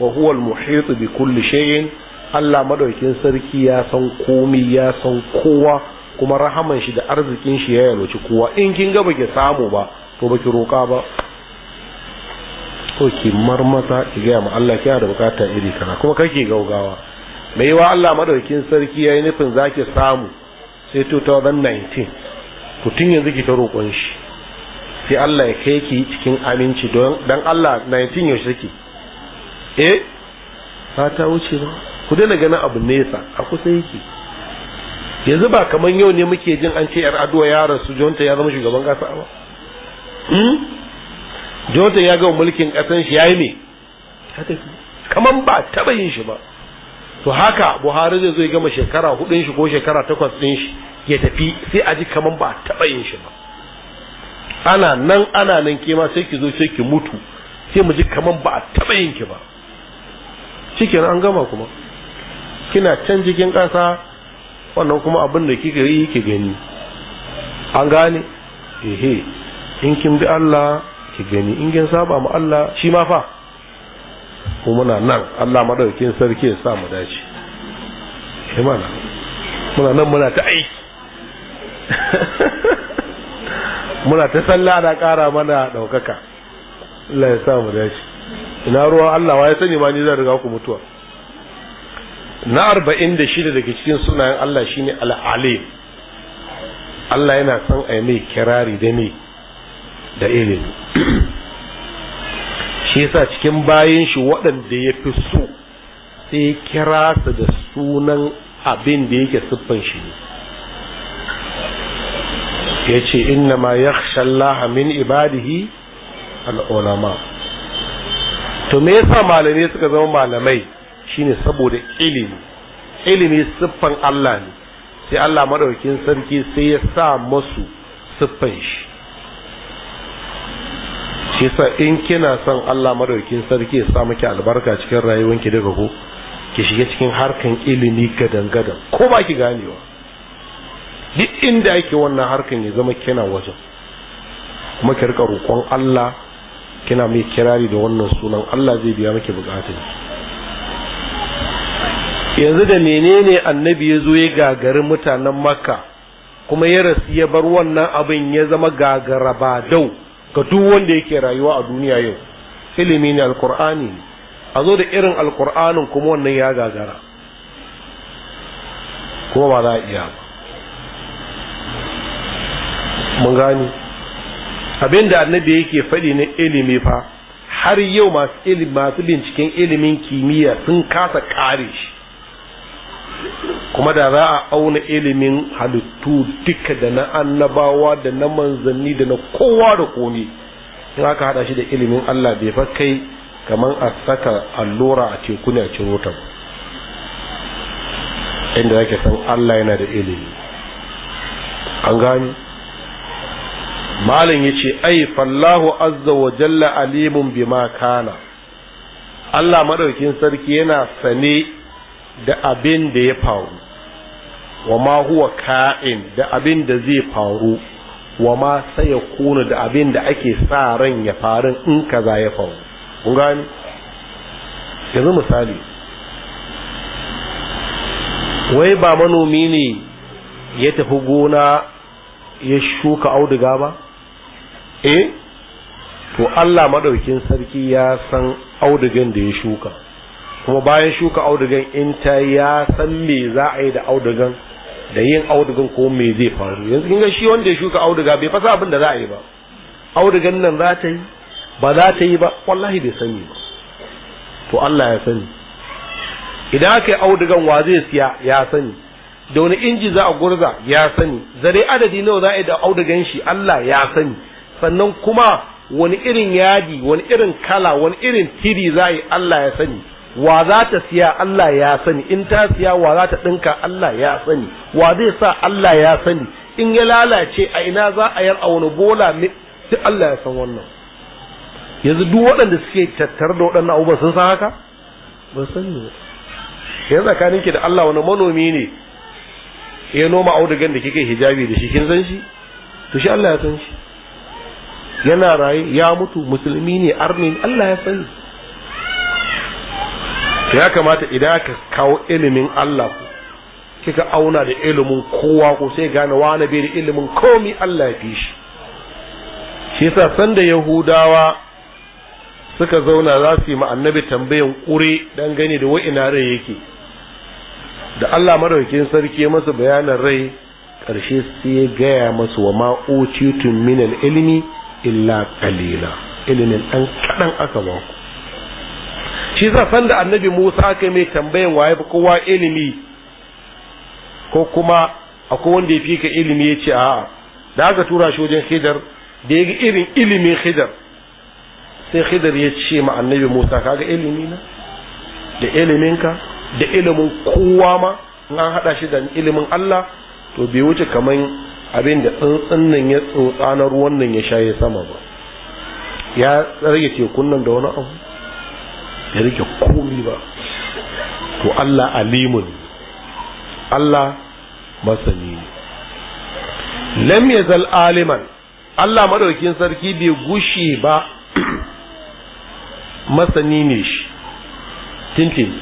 wa huwa al bi shay'in Allah madaukin sarki ya san komi ya san kowa kuma rahaman shi da arzikin shi ya yalwaci kowa in kin ga baki samu ba to baki roka ba ko ki marmata ki ga mu Allah kina da bukata iri kana kuma kake gaugawa mai wa Allah madaukin sarki yayi nufin zaki samu sai 2019 to tun yanzu ki ta roƙon shi sai Allah ya kai ki cikin aminci don dan Allah 19 yaushe take eh fata wuce ba ku daina gani abu nesa a kusa yake yanzu ba kamar yau ne muke jin an ce yar aduwa ya rasu jonta ya zama shugaban kasa ba hmm? jonta ya gama mulkin kasan shi ya yi me kamar ba taba yin shi ba to haka buhari zai zo ya gama shekara hudun shi ko shekara takwas din shi ya tafi sai a ji kaman ba taɓa yin shi ba ana nan ana nan ke ma sai ki zo sai ki mutu sai mu ji kaman ba a taɓa yin ki ba cikin an gama kuma kina can jikin ƙasa wannan kuma abin da kika yi ki gani an gane ehe in kin bi Allah ki gani in kin saba ma Allah shi ma fa ko muna nan Allah madaukin sarki ya sa mu dace imana muna nan muna ta aiki (laughs) muna ta sallah na kara mana ɗaukaka Allah ya sa mu dace ina ruwan Allah wa ya sani ma ni zan riga ku mutuwa na arba'in da shida daga cikin sunayen Allah shine al'alim Allah yana son a mai kirari da ni da ilimi (clears throat) shi yasa cikin bayan shi waɗanda ya fi so sai kira su da sunan abin da yake siffan shi ne ya ce inna ma ya shallaha min ibadihi al'ulama to me yasa malamai suka zama malamai shine saboda ilimi ilimi siffan Allah ne sai Allah maɗaukin sarki sai ya sa masu siffan shi shi sa in kina son Allah maɗaukin sarki ya sa miki albarka cikin rayuwanki daga ko ki shiga cikin harkan ilimi gadan gadan ko ba ki ganewa duk inda ake wannan harkan ya zama kina wajen kuma ki rika roƙon Allah kina mai kirari da wannan sunan Allah zai biya miki bukatun yanzu da menene annabi ya zo ya gagari mutanen makka kuma ya rasu ya bar wannan abin ya zama gagara ba dau ga duk wanda yake rayuwa a duniya yau ilimi ne alkur'ani a zo da irin alkur'anin kuma wannan ya gagara kuma ba za a iya ba mun gane abin da annabi yake faɗi na ilimi fa har yau masu ilimi masu binciken ilimin kimiyya sun kasa kare shi kuma da za a auna ilimin halittu duka da na annabawa da na manzanni da na kowa da kone in aka hada shi da ilimin Allah bai fa kai kamar a saka allura a teku ne a ciro inda yake san Allah yana da ilimi an gani malam yace ai fallahu azza wa jalla alimun bima kana Allah madaukin sarki yana sane da abin da ya faru wa ma huwa ka'in da abin da zai faru wa ma sai kuna da abin da ake sa ran ya faru in kaza ya faru kun gani yanzu misali wai ba manomi ne ya tafi gona ya shuka auduga ba eh to Allah madaukin sarki ya san audugan da ya shuka kuma bayan shuka audugan in ta ya san me za a yi da audugan da yin audugan ko me zai faru yanzu kin ga shi wanda ya shuka auduga bai fasa abin da za a yi ba audugan nan za ta yi ba za ta yi ba wallahi bai sani ba to Allah ya sani idan aka yi audugan wa zai siya ya sani da wani inji za a gurza ya sani zare adadi nawa za a yi da audugan shi Allah ya sani sannan kuma wani irin yadi wani irin kala wani irin tiri za yi Allah ya sani wa za ta siya Allah ya sani in ta siya wa za ta ɗinka Allah ya sani wa zai sa Allah ya sani in ya lalace a ina za a yar a wani bola duk Allah ya san wannan yanzu duk waɗanda suke tattar da waɗannan abubuwan sun san haka ba san ne yanzu tsakanin ki da Allah wani manomi ne ya noma audugan da kika hijabi da shi kin san shi to shi Allah ya san shi yana raye ya mutu musulmi ne arni Allah ya sani ya kamata idan ka kawo ilimin Allah kika auna da ilimin kowa ko sai gane wani bai da ilimin komi Allah ya fi shi shi yasa sanda yahudawa suka zauna za su yi ma annabi tambayan kure dan gane da wa'ina rai yake da Allah madaukakin sarki masa bayanan rai karshe sai ya gaya masu wa ma'utitun minal ilimi illa qalila ilimin ɗan kaɗan aka ba ku shi za san da annabi Musa aka mai tambayan waye ba kowa ilimi ko kuma akwai wanda ya ka ilimi ya ce a'a da aka tura shi wajen hidar da ya ga irin ilimin hidar sai hidar ya ce ma annabi Musa kaga ilimi na da iliminka da ilimin kowa ma in an haɗa shi da ilimin Allah to bai wuce kaman abin da tsuntsun nan ya tsotsa na ruwan nan ya shaye sama ba ya rage tekun nan da wani abu ya rage komi ba to Allah alimun Allah masani ne lam yazal aliman Allah madaukin sarki bai gushe ba masani ne shi tintin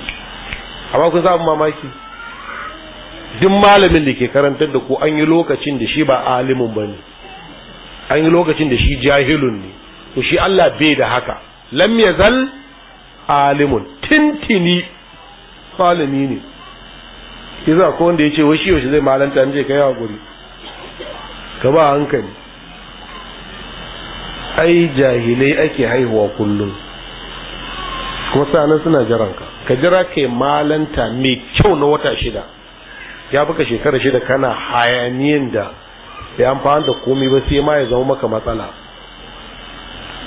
amma kun samu mamaki duk malamin da ke karantar da ku an yi lokacin da shi ba alimin ba ne an yi lokacin da shi jahilun ne to shi Allah bai da haka lam yazal alimun tintini malami ne kiza ko wanda ya ce wai shi yaushe zai malanta an je kai hakuri ka ba hankali ai jahilai ake haihuwa kullum kuma sanan suna jiranka ka jira kai malanta mai kyau na wata shida ya baka shekara shida kana hayaniyan da bai amfani da komai ba sai ma ya zama maka matsala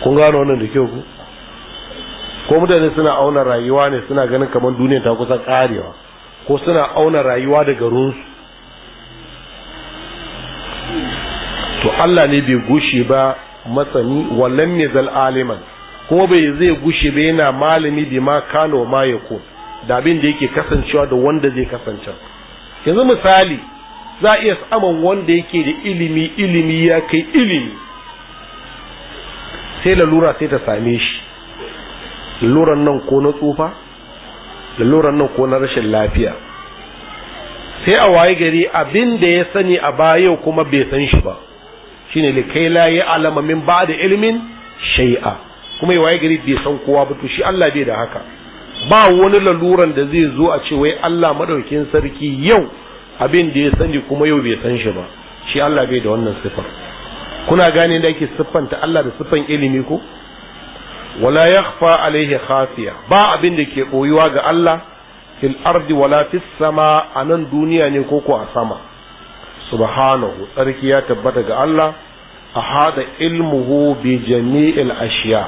kun gano wannan da kyau ku ko mutane suna auna rayuwa ne suna ganin kamar duniya ta kusa karewa ko suna auna rayuwa da garinsu to Allah ne bai gushe ba matsani wallan ne zal aliman ko bai zai gushe ba yana malami bi ma kano ma yako da abin da yake kasancewa da wanda zai kasance yanzu misali za a iya samun wanda yake da ilimi ilimi ya kai ilimi sai lalura sai ta same shi laluran nan ko na tsufa laluran nan ko na rashin lafiya sai a waye gari abin da ya sani a baya kuma bai san shi ba shine ne da kai laye alamamin ba da ilimin shai'a kuma ya waye gari bai san kowa ba to shi Allah bai da haka ba wani laluran da zai zo a ce wai Allah madaukin sarki yau abin da ya sani kuma yau bai san shi ba shi Allah bai da wannan sifar kuna gane da ake siffanta Allah da siffan ilimi ko wala yakhfa alaihi khafiya ba abin da ke boyuwa ga Allah fil ardi wala fis sama a nan duniya ne ko ko a sama subhanahu sarki ya tabbata ga Allah a hada ilmuhu bi jami'il ashiya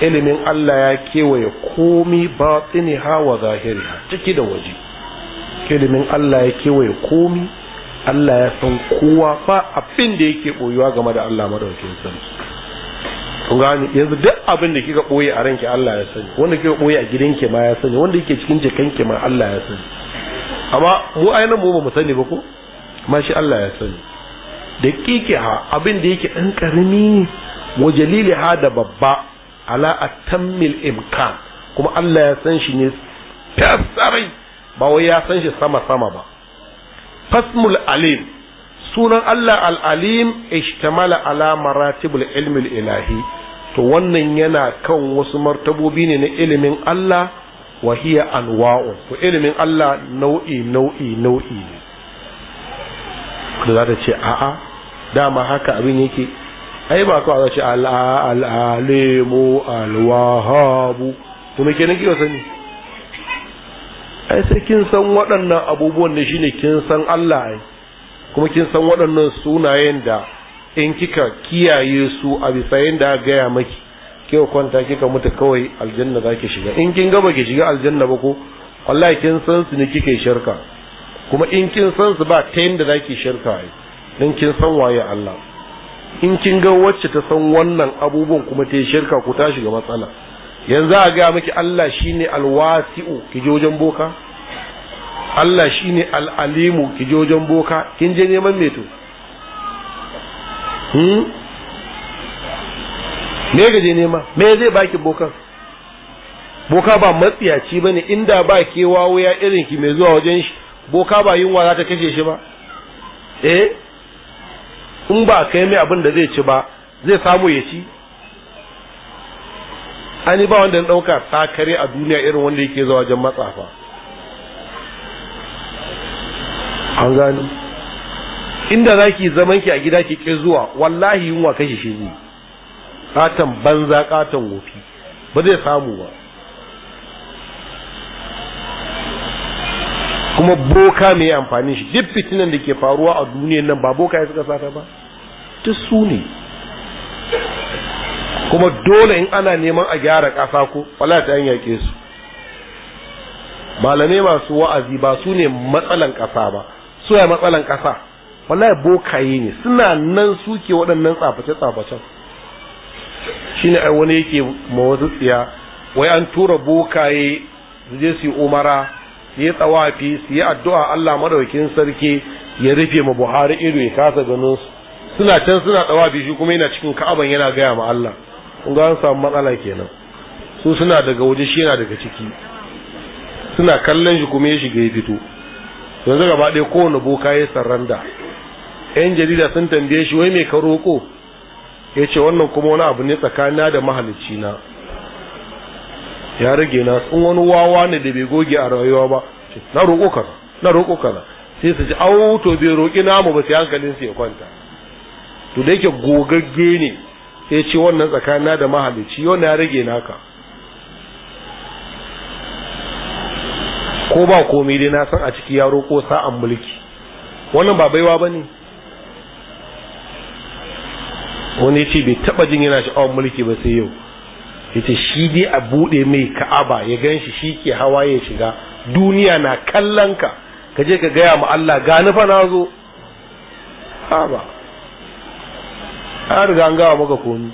ilimin Allah ya kewaye komi ha hawa zahiri ciki da waje ilimin Allah ya kewaye komi Allah ya san kowa ba abin da yake boyuwa game da Allah madaukakin sarki kun gani yanzu duk abin da kika boye a ranki Allah ya sani wanda kika boye a gidanki ma ya sani wanda yake cikin jikanki ma Allah ya sani amma mu ainihin mu ba mu sani ba ko ma shi Allah ya sani da ha abin da yake dan karami ne wajalili ha da babba ala atammil imkan kuma Allah ya san shi ne tasarai ba wai ya san shi sama sama ba fasmul alim sunan Allah al-alim ishtamala ala maratibul ilmi ilahi to wannan yana kan wasu martabobi ne na ilimin Allah wa hiya anwa'u ko ilimin Allah nau'i nau'i nau'i ne Kada za ta ce a'a dama haka abin yake ai ba ko a ce al'alimu alwahabu kuma kenan kika sani ai sai kin san waɗannan abubuwan ne shine kin san Allah ai kuma kin san waɗannan sunayen da in kika kiyaye su a bisa yadda aka gaya maki kika kwanta kika mutu kawai aljanna za ki shiga in kin gaba ki shiga aljanna ba ko wallahi kin san su ne kike shirka kuma in kin san su ba ta yanda zaki ki shirka ai don kin san waye Allah in kin ga wacce ta san wannan abubuwan kuma ta shirka ku tashi ga matsala yanzu a ga miki Allah shine alwasi'u ki jojen boka Allah shine al'alimu ki jojen boka kin je neman me to hmm me gaje nema me zai baki bokan boka ba matsiyaci bane inda ba kewa wuya irin ki mai zuwa wajen shi boka ba yunwa za ta kashe shi ba eh in ba kai mai abin da zai ci ba zai samu ya ci an yi ba wanda ya ɗauka sakare a duniya irin wanda yake zuwa wajen matsafa an gani inda za ki zaman ki a gida ki ke zuwa wallahi yunwa kashe shi ne katon banza katon wofi ba zai samu ba kuma boka mai amfani shi duk fitinan da ke faruwa a duniyan nan ba boka ya suka sata ba ta su ne kuma dole in ana neman a gyara ƙasa ko wala ta yaƙe su malamai masu wa'azi ba su ne matsalan ƙasa ba su ya matsalan ƙasa wala bokaye ne suna nan suke waɗannan tsaface-tsafacen shine ai wani yake ma wasu tsiya wai an tura bokaye su je su yi umara su yi tsawafi su yi addu'a Allah madaukin sarki ya rufe ma Buhari ido ya kasa ganin su suna can suna tsawafi shi kuma yana cikin Ka'aban yana gaya ma Allah kun ga an samu matsala kenan su suna daga waje shi yana daga ciki suna kallon shi kuma ya shiga ya fito yanzu gaba ɗaya kowane boka ya sarranda yan jarida sun tambaye shi wai mai ka roƙo ya ce wannan kuma wani abu ne tsakanina da mahalicci na ya rage na in wani wawa ne da bai goge a rayuwa ba na roƙo kaza na roƙo kaza sai su ji auto to bai roƙi namu ba sai hankalin su ya kwanta to da yake gogagge ne sai ce wannan tsakanin da mahalicci wannan ya rage naka ko ba komai dai na san a ciki ya roƙo sa'an mulki wannan ba baiwa ba ne wani ce bai taɓa jin yana sha'awar mulki ba sai yau yace shi dai a bude mai ka'aba ya ganshi shi ke hawa ya shiga duniya na kallon ka ka je ka gaya ma Allah gani fa na zo ba an riga an gawa maka komi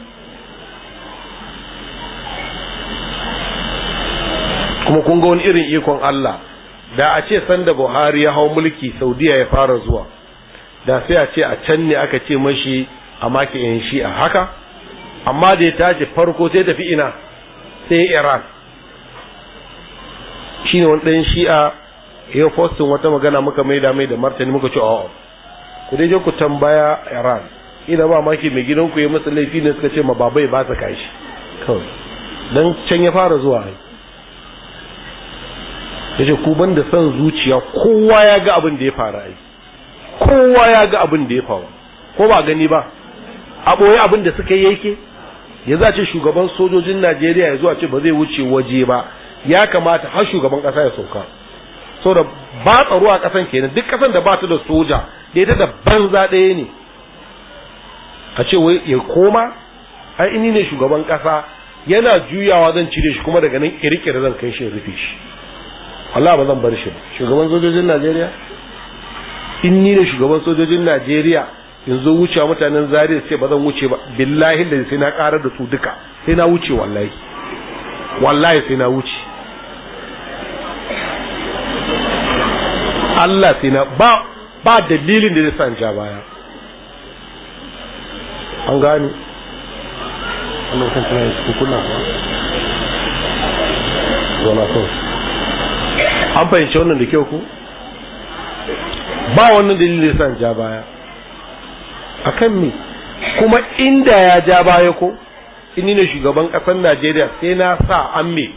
kuma kun ga wani irin ikon Allah da a ce sanda Buhari ya hau mulki Saudiya ya fara zuwa da sai a ce a can ne aka ce mashi a maki yan shi a haka amma da ya tashi farko sai tafi ina sai iran shine wani ɗan shi'a ya fostin wata magana muka mai da mai da martani muka ci a'a ku dai ku tambaya iran ina ba maki mai gidanku ya masa laifi ne suka ce ma babai ba ta kashi kawai dan can ya fara zuwa ya ce ku ban da son zuciya kowa ya ga abin da ya fara ai kowa ya ga abin da ya faru ko ba gani ba a ɓoye abin da suka yi yake ya a ce shugaban sojojin najeriya ya zuwa ce ba zai wuce waje ba ya kamata har shugaban kasa ya sauka Sau da ba tsaro a ƙasan kenan duk ƙasan da ba ta da soja da ita da banza ɗaya ne a ce wai ya koma an ini ne shugaban ƙasa yana juyawa zan cire shi kuma daga nan kirkira zan kai shi rufe shi Allah ba zan bar shi ba shugaban sojojin Najeriya in ni ne shugaban sojojin Najeriya yanzu wucewa mutanen zariya ce ba zan wuce ba billahi da sai na karar da su duka sai na wuce wallahi wallahi sai na wuce Allah sai na ba ba dalilin da zai san ja baya an gane wannan kan tana cikin kullum ba zona kawai an fahimci wannan da kyau ko ba wannan dalilin da zai san ja baya A kan me kuma inda ya ja baya ko in ne shugaban ƙasar Najeriya sai na sa an me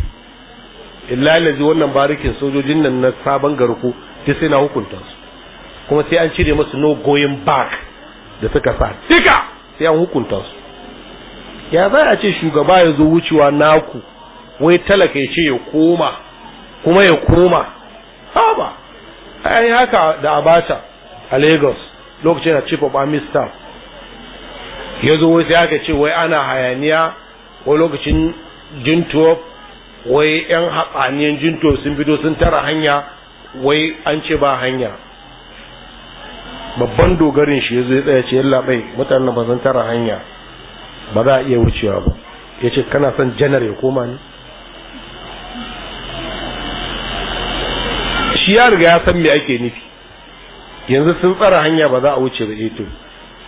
illa wannan barikin sojojin nan na sabon garko sai sai na hukunta su kuma sai an cire masu no going back da suka sa duka sai an hukunta su ya za a ce shugaba ya zo wucewa naku wai talaka ya ce ya koma kuma ya koma Haba, ai haka da abata a lagos lokacin na chief of army staff ya zo wai sai aka ce wai ana hayaniya wai lokacin jintuwa wai yan haɓaniyan jintuwa sun fito sun tara hanya wai an ce ba hanya babban dogarin shi ya zo ya tsaya ce yalla bai mutanen ba sun tara hanya ba za a iya wucewa ba ya ce kana son janar ya koma ne shi ya riga ya san me ake nufi yanzu sun tsara hanya ba za a wuce ba eto eh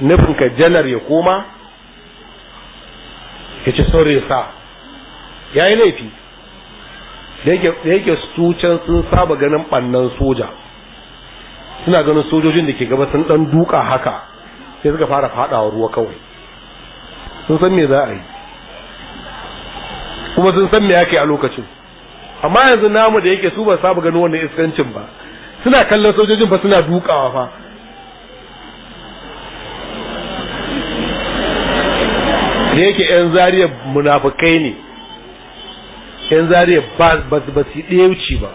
nufin ka janar ya koma ya ci saurin sa ya yi laifi da yake su can sun saba ganin ɓannan soja suna ganin sojojin da ke gaba sun ɗan duka haka sai suka fara faɗawa ruwa kawai sun san me za a yi kuma sun san me ake a lokacin amma yanzu namu da yake su ba saba ganin wannan iskancin ba suna kallon sojojin fa suna dukawa fa da yake yan zariya munafukai ne yan zariya ba ba su ɗaya wuce ba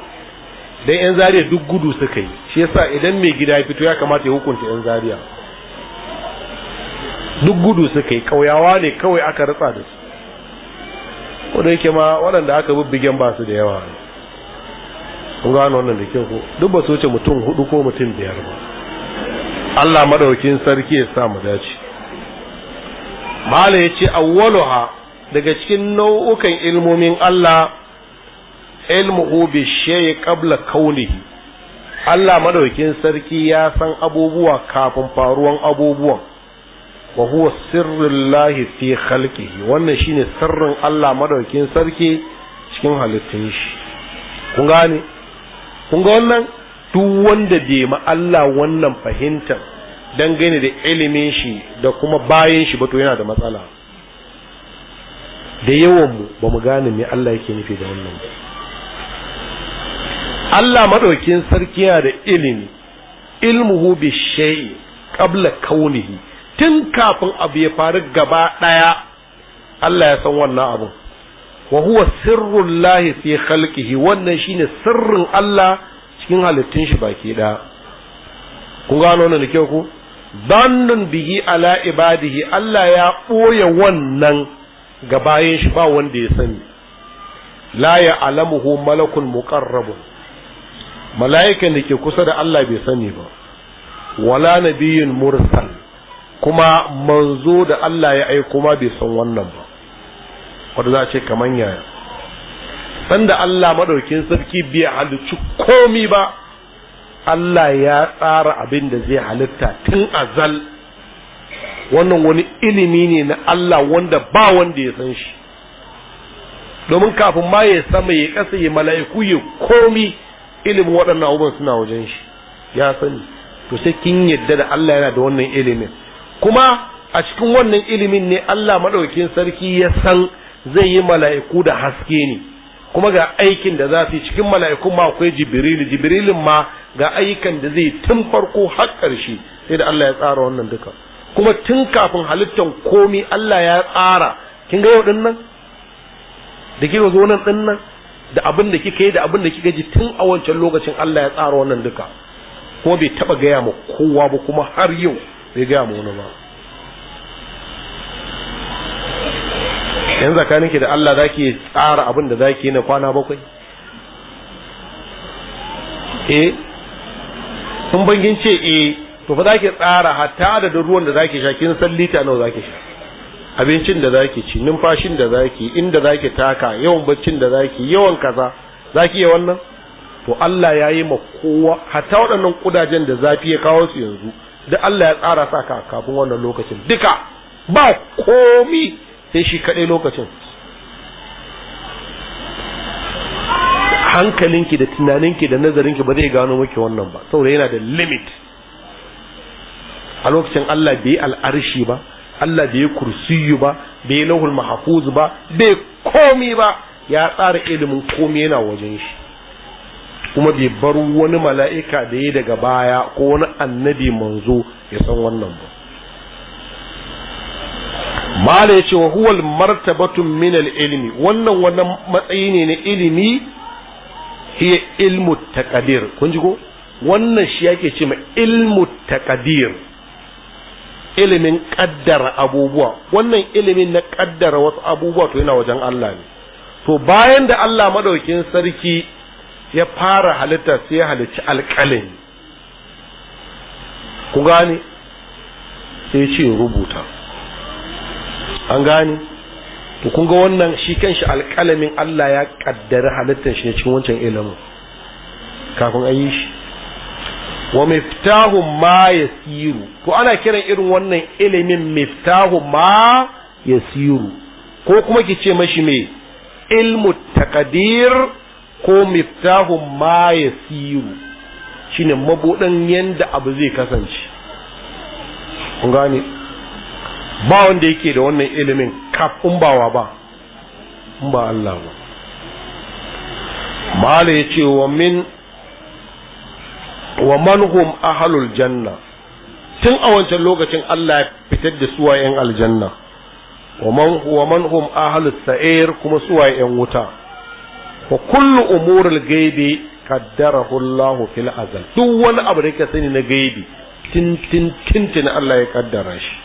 dan yan zariya duk gudu suka yi shi yasa idan mai gida ya fito ya kamata ya hukunta yan zariya duk gudu suka yi kauyawa ne kawai aka ratsa da su ko da yake ma waɗanda aka bubbigen ba su da yawa ne kun gano wannan da kyau ko duk ba su wuce mutum hudu ko mutum biyar ba Allah madaukin sarki ya sa mu dace mala yace awwaluha daga cikin nau'ukan ilmomin Allah ilmuhu bi shay'i qabla kaunihi Allah maɗaukin sarki ya san abubuwa kafin faruwan abubuwan wa huwa sirrullahi fi khalqihi wannan shine sirrin Allah maɗaukin sarki cikin halittun shi kun gane kun ga wannan duk wanda bai ma Allah wannan fahimtar dangane da ilimin shi da kuma bayan shi ba to yana da matsala da yawan mu ba mu gane me Allah yake nufi da wannan ba Allah madaukin sarki yana da ilimi ilmuhu bi shay'i qabla kaunihi tun kafin abu ya faru gaba daya Allah ya san wannan abun wa huwa sirrul lahi fi khalqihi wannan shine sirrin Allah cikin halittun shi baki da ku gano ne da kyau dannun bihi ala ibadihi Allah ya ɓoye wannan ga bayan shi ba wanda ya sani la ya alamuhu malakun muqarrabun mala'ikan da ke kusa da Allah bai sani ba wala nabiyin mursal kuma manzo da Allah ya aiko kuma bai san wannan ba wadda za a ce kaman yaya sanda Allah maɗaukin sarki biya halicci komi ba Allah ya tsara abin da zai halitta tun azal wannan wani ilimi ne na Allah wanda ba wanda ya san shi domin kafin ma ya sama ya kasa ya mala'iku ya komi ilimin waɗannan abubuwan suna wajen shi ya sani to sai kin yadda da Allah yana da wannan ilimin kuma a cikin wannan ilimin ne Allah maɗaukin sarki ya san zai yi mala'iku da haske ne kuma ga aikin da za su yi cikin mala'ikun ma akwai jibrilu jibrilin ma ga ayyukan da zai tun farko har ƙarshe sai da Allah ya tsara wannan duka kuma tun kafin halittar komi Allah ya tsara kin ga yau din nan da zo nan din nan da abin da kika yi da abin da kika ji tun a wancan lokacin Allah ya tsara wannan duka kuma bai taba gaya ma kowa ba kuma har yau bai gaya ma wani ba yanzu ke da Allah zaki tsara abin da zaki yi na kwana bakwai eh kun bangin ce eh to fa zaki tsara hatta da ruwan da zaki sha kin san lita nawa zaki sha abincin da zaki ci numfashin da zaki inda zaki taka yawan baccin da zaki yawan kaza zaki yi wannan to Allah ya yi ma kowa hatta waɗannan kudajen da zafi ya kawo su yanzu da Allah ya tsara sa ka kafin wannan lokacin duka ba komi sai shi kaɗai lokacin hankalinki da tunaninki da nazarinki ba zai gano maki wannan ba saboda yana da limit a lokacin Allah bai al'arshi ba Allah bai kursiyu ba bai lahul mahfuz ba bai komi ba ya tsara ilimin komai yana wajen shi kuma bai bar wani mala'ika da ya daga baya ko wani annabi manzo ya san wannan ba mala yace wa huwal martabatun min ilmi wannan wannan matsayi ne na ilimi hiya ilmu taqadir kun ji ko wannan shi yake ce ma ilmu taqadir ilimin kaddara abubuwa wannan ilimin na kaddara wasu abubuwa to yana wajen Allah ne to bayan da Allah madaukin sarki ya fara halitta sai ya halicci alƙalin ku gane sai ce rubuta an gane to kun ga wannan shi kanshi alƙalamin Allah ya kaddara halittar shi ne cikin wancan ilimin kafin an yi shi wa miftahu ma yasiru to ana kiran irin wannan ilimin miftahu ma yasiru ko kuma ki ce mashi me ilmu taqdir ko miftahu ma yasiru shine mabudin yanda abu zai kasance kun gane ba wanda yake da wannan ilimin kafin bawa ba in ba Allah ba mala ya ce wa min wa manhum ahlul janna tun a wancan lokacin Allah ya fitar da 'yan aljanna wa man wa manhum ahlus sa'ir kuma 'yan wuta wa kullu umuril gaibi qaddarahu Allahu fil azal duk wani abu da ka sani na gaibi tin tin tin Allah ya kaddara shi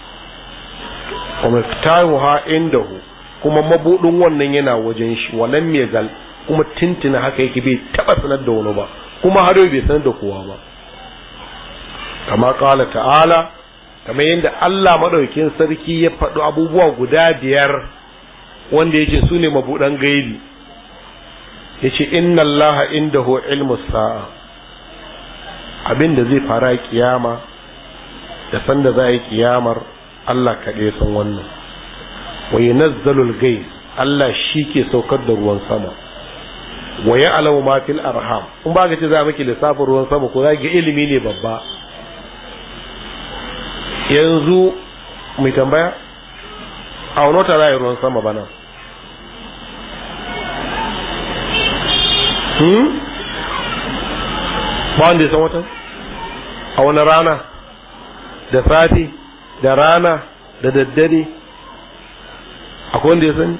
wa ha indahu kuma mabudin wannan yana wajen shi walam yazal kuma tintina haka yake bai taba sanar da wani ba kuma har bai sanar da kowa ba kama kala ta'ala kamar yadda Allah madaukin sarki ya faɗi abubuwa guda biyar wanda yake su ne mabudan gaibi yace inna allaha indahu ilmu sa'a abinda zai fara kiyama da sanda za a yi kiyamar Allah kaɗai san wannan wa nazzalul gai Allah shi ke saukar da ruwan sama wa Alamu ma arham in ba ka ce za miki lissafin ruwan sama ko za ki ilimi ne babba yanzu mai tambaya a wani wata za ruwan sama nan hmm? ba wanda ya san wata a wani rana da safi da rana da daddare akwai wanda ya sani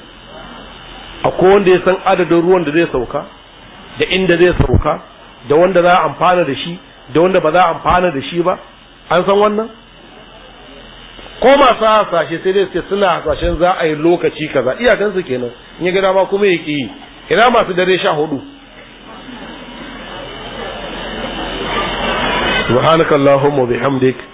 akwai wanda ya san adadin ruwan da zai sauka da inda zai sauka da wanda za a amfana da shi da wanda ba za a amfana da shi ba an san wannan ko masu hasashe sai dai suna hasashen za a yi lokaci kaza iyakansu kenan in ya gada ma kuma ya ƙi ina masu dare sha hudu subhanakallahumma bihamdik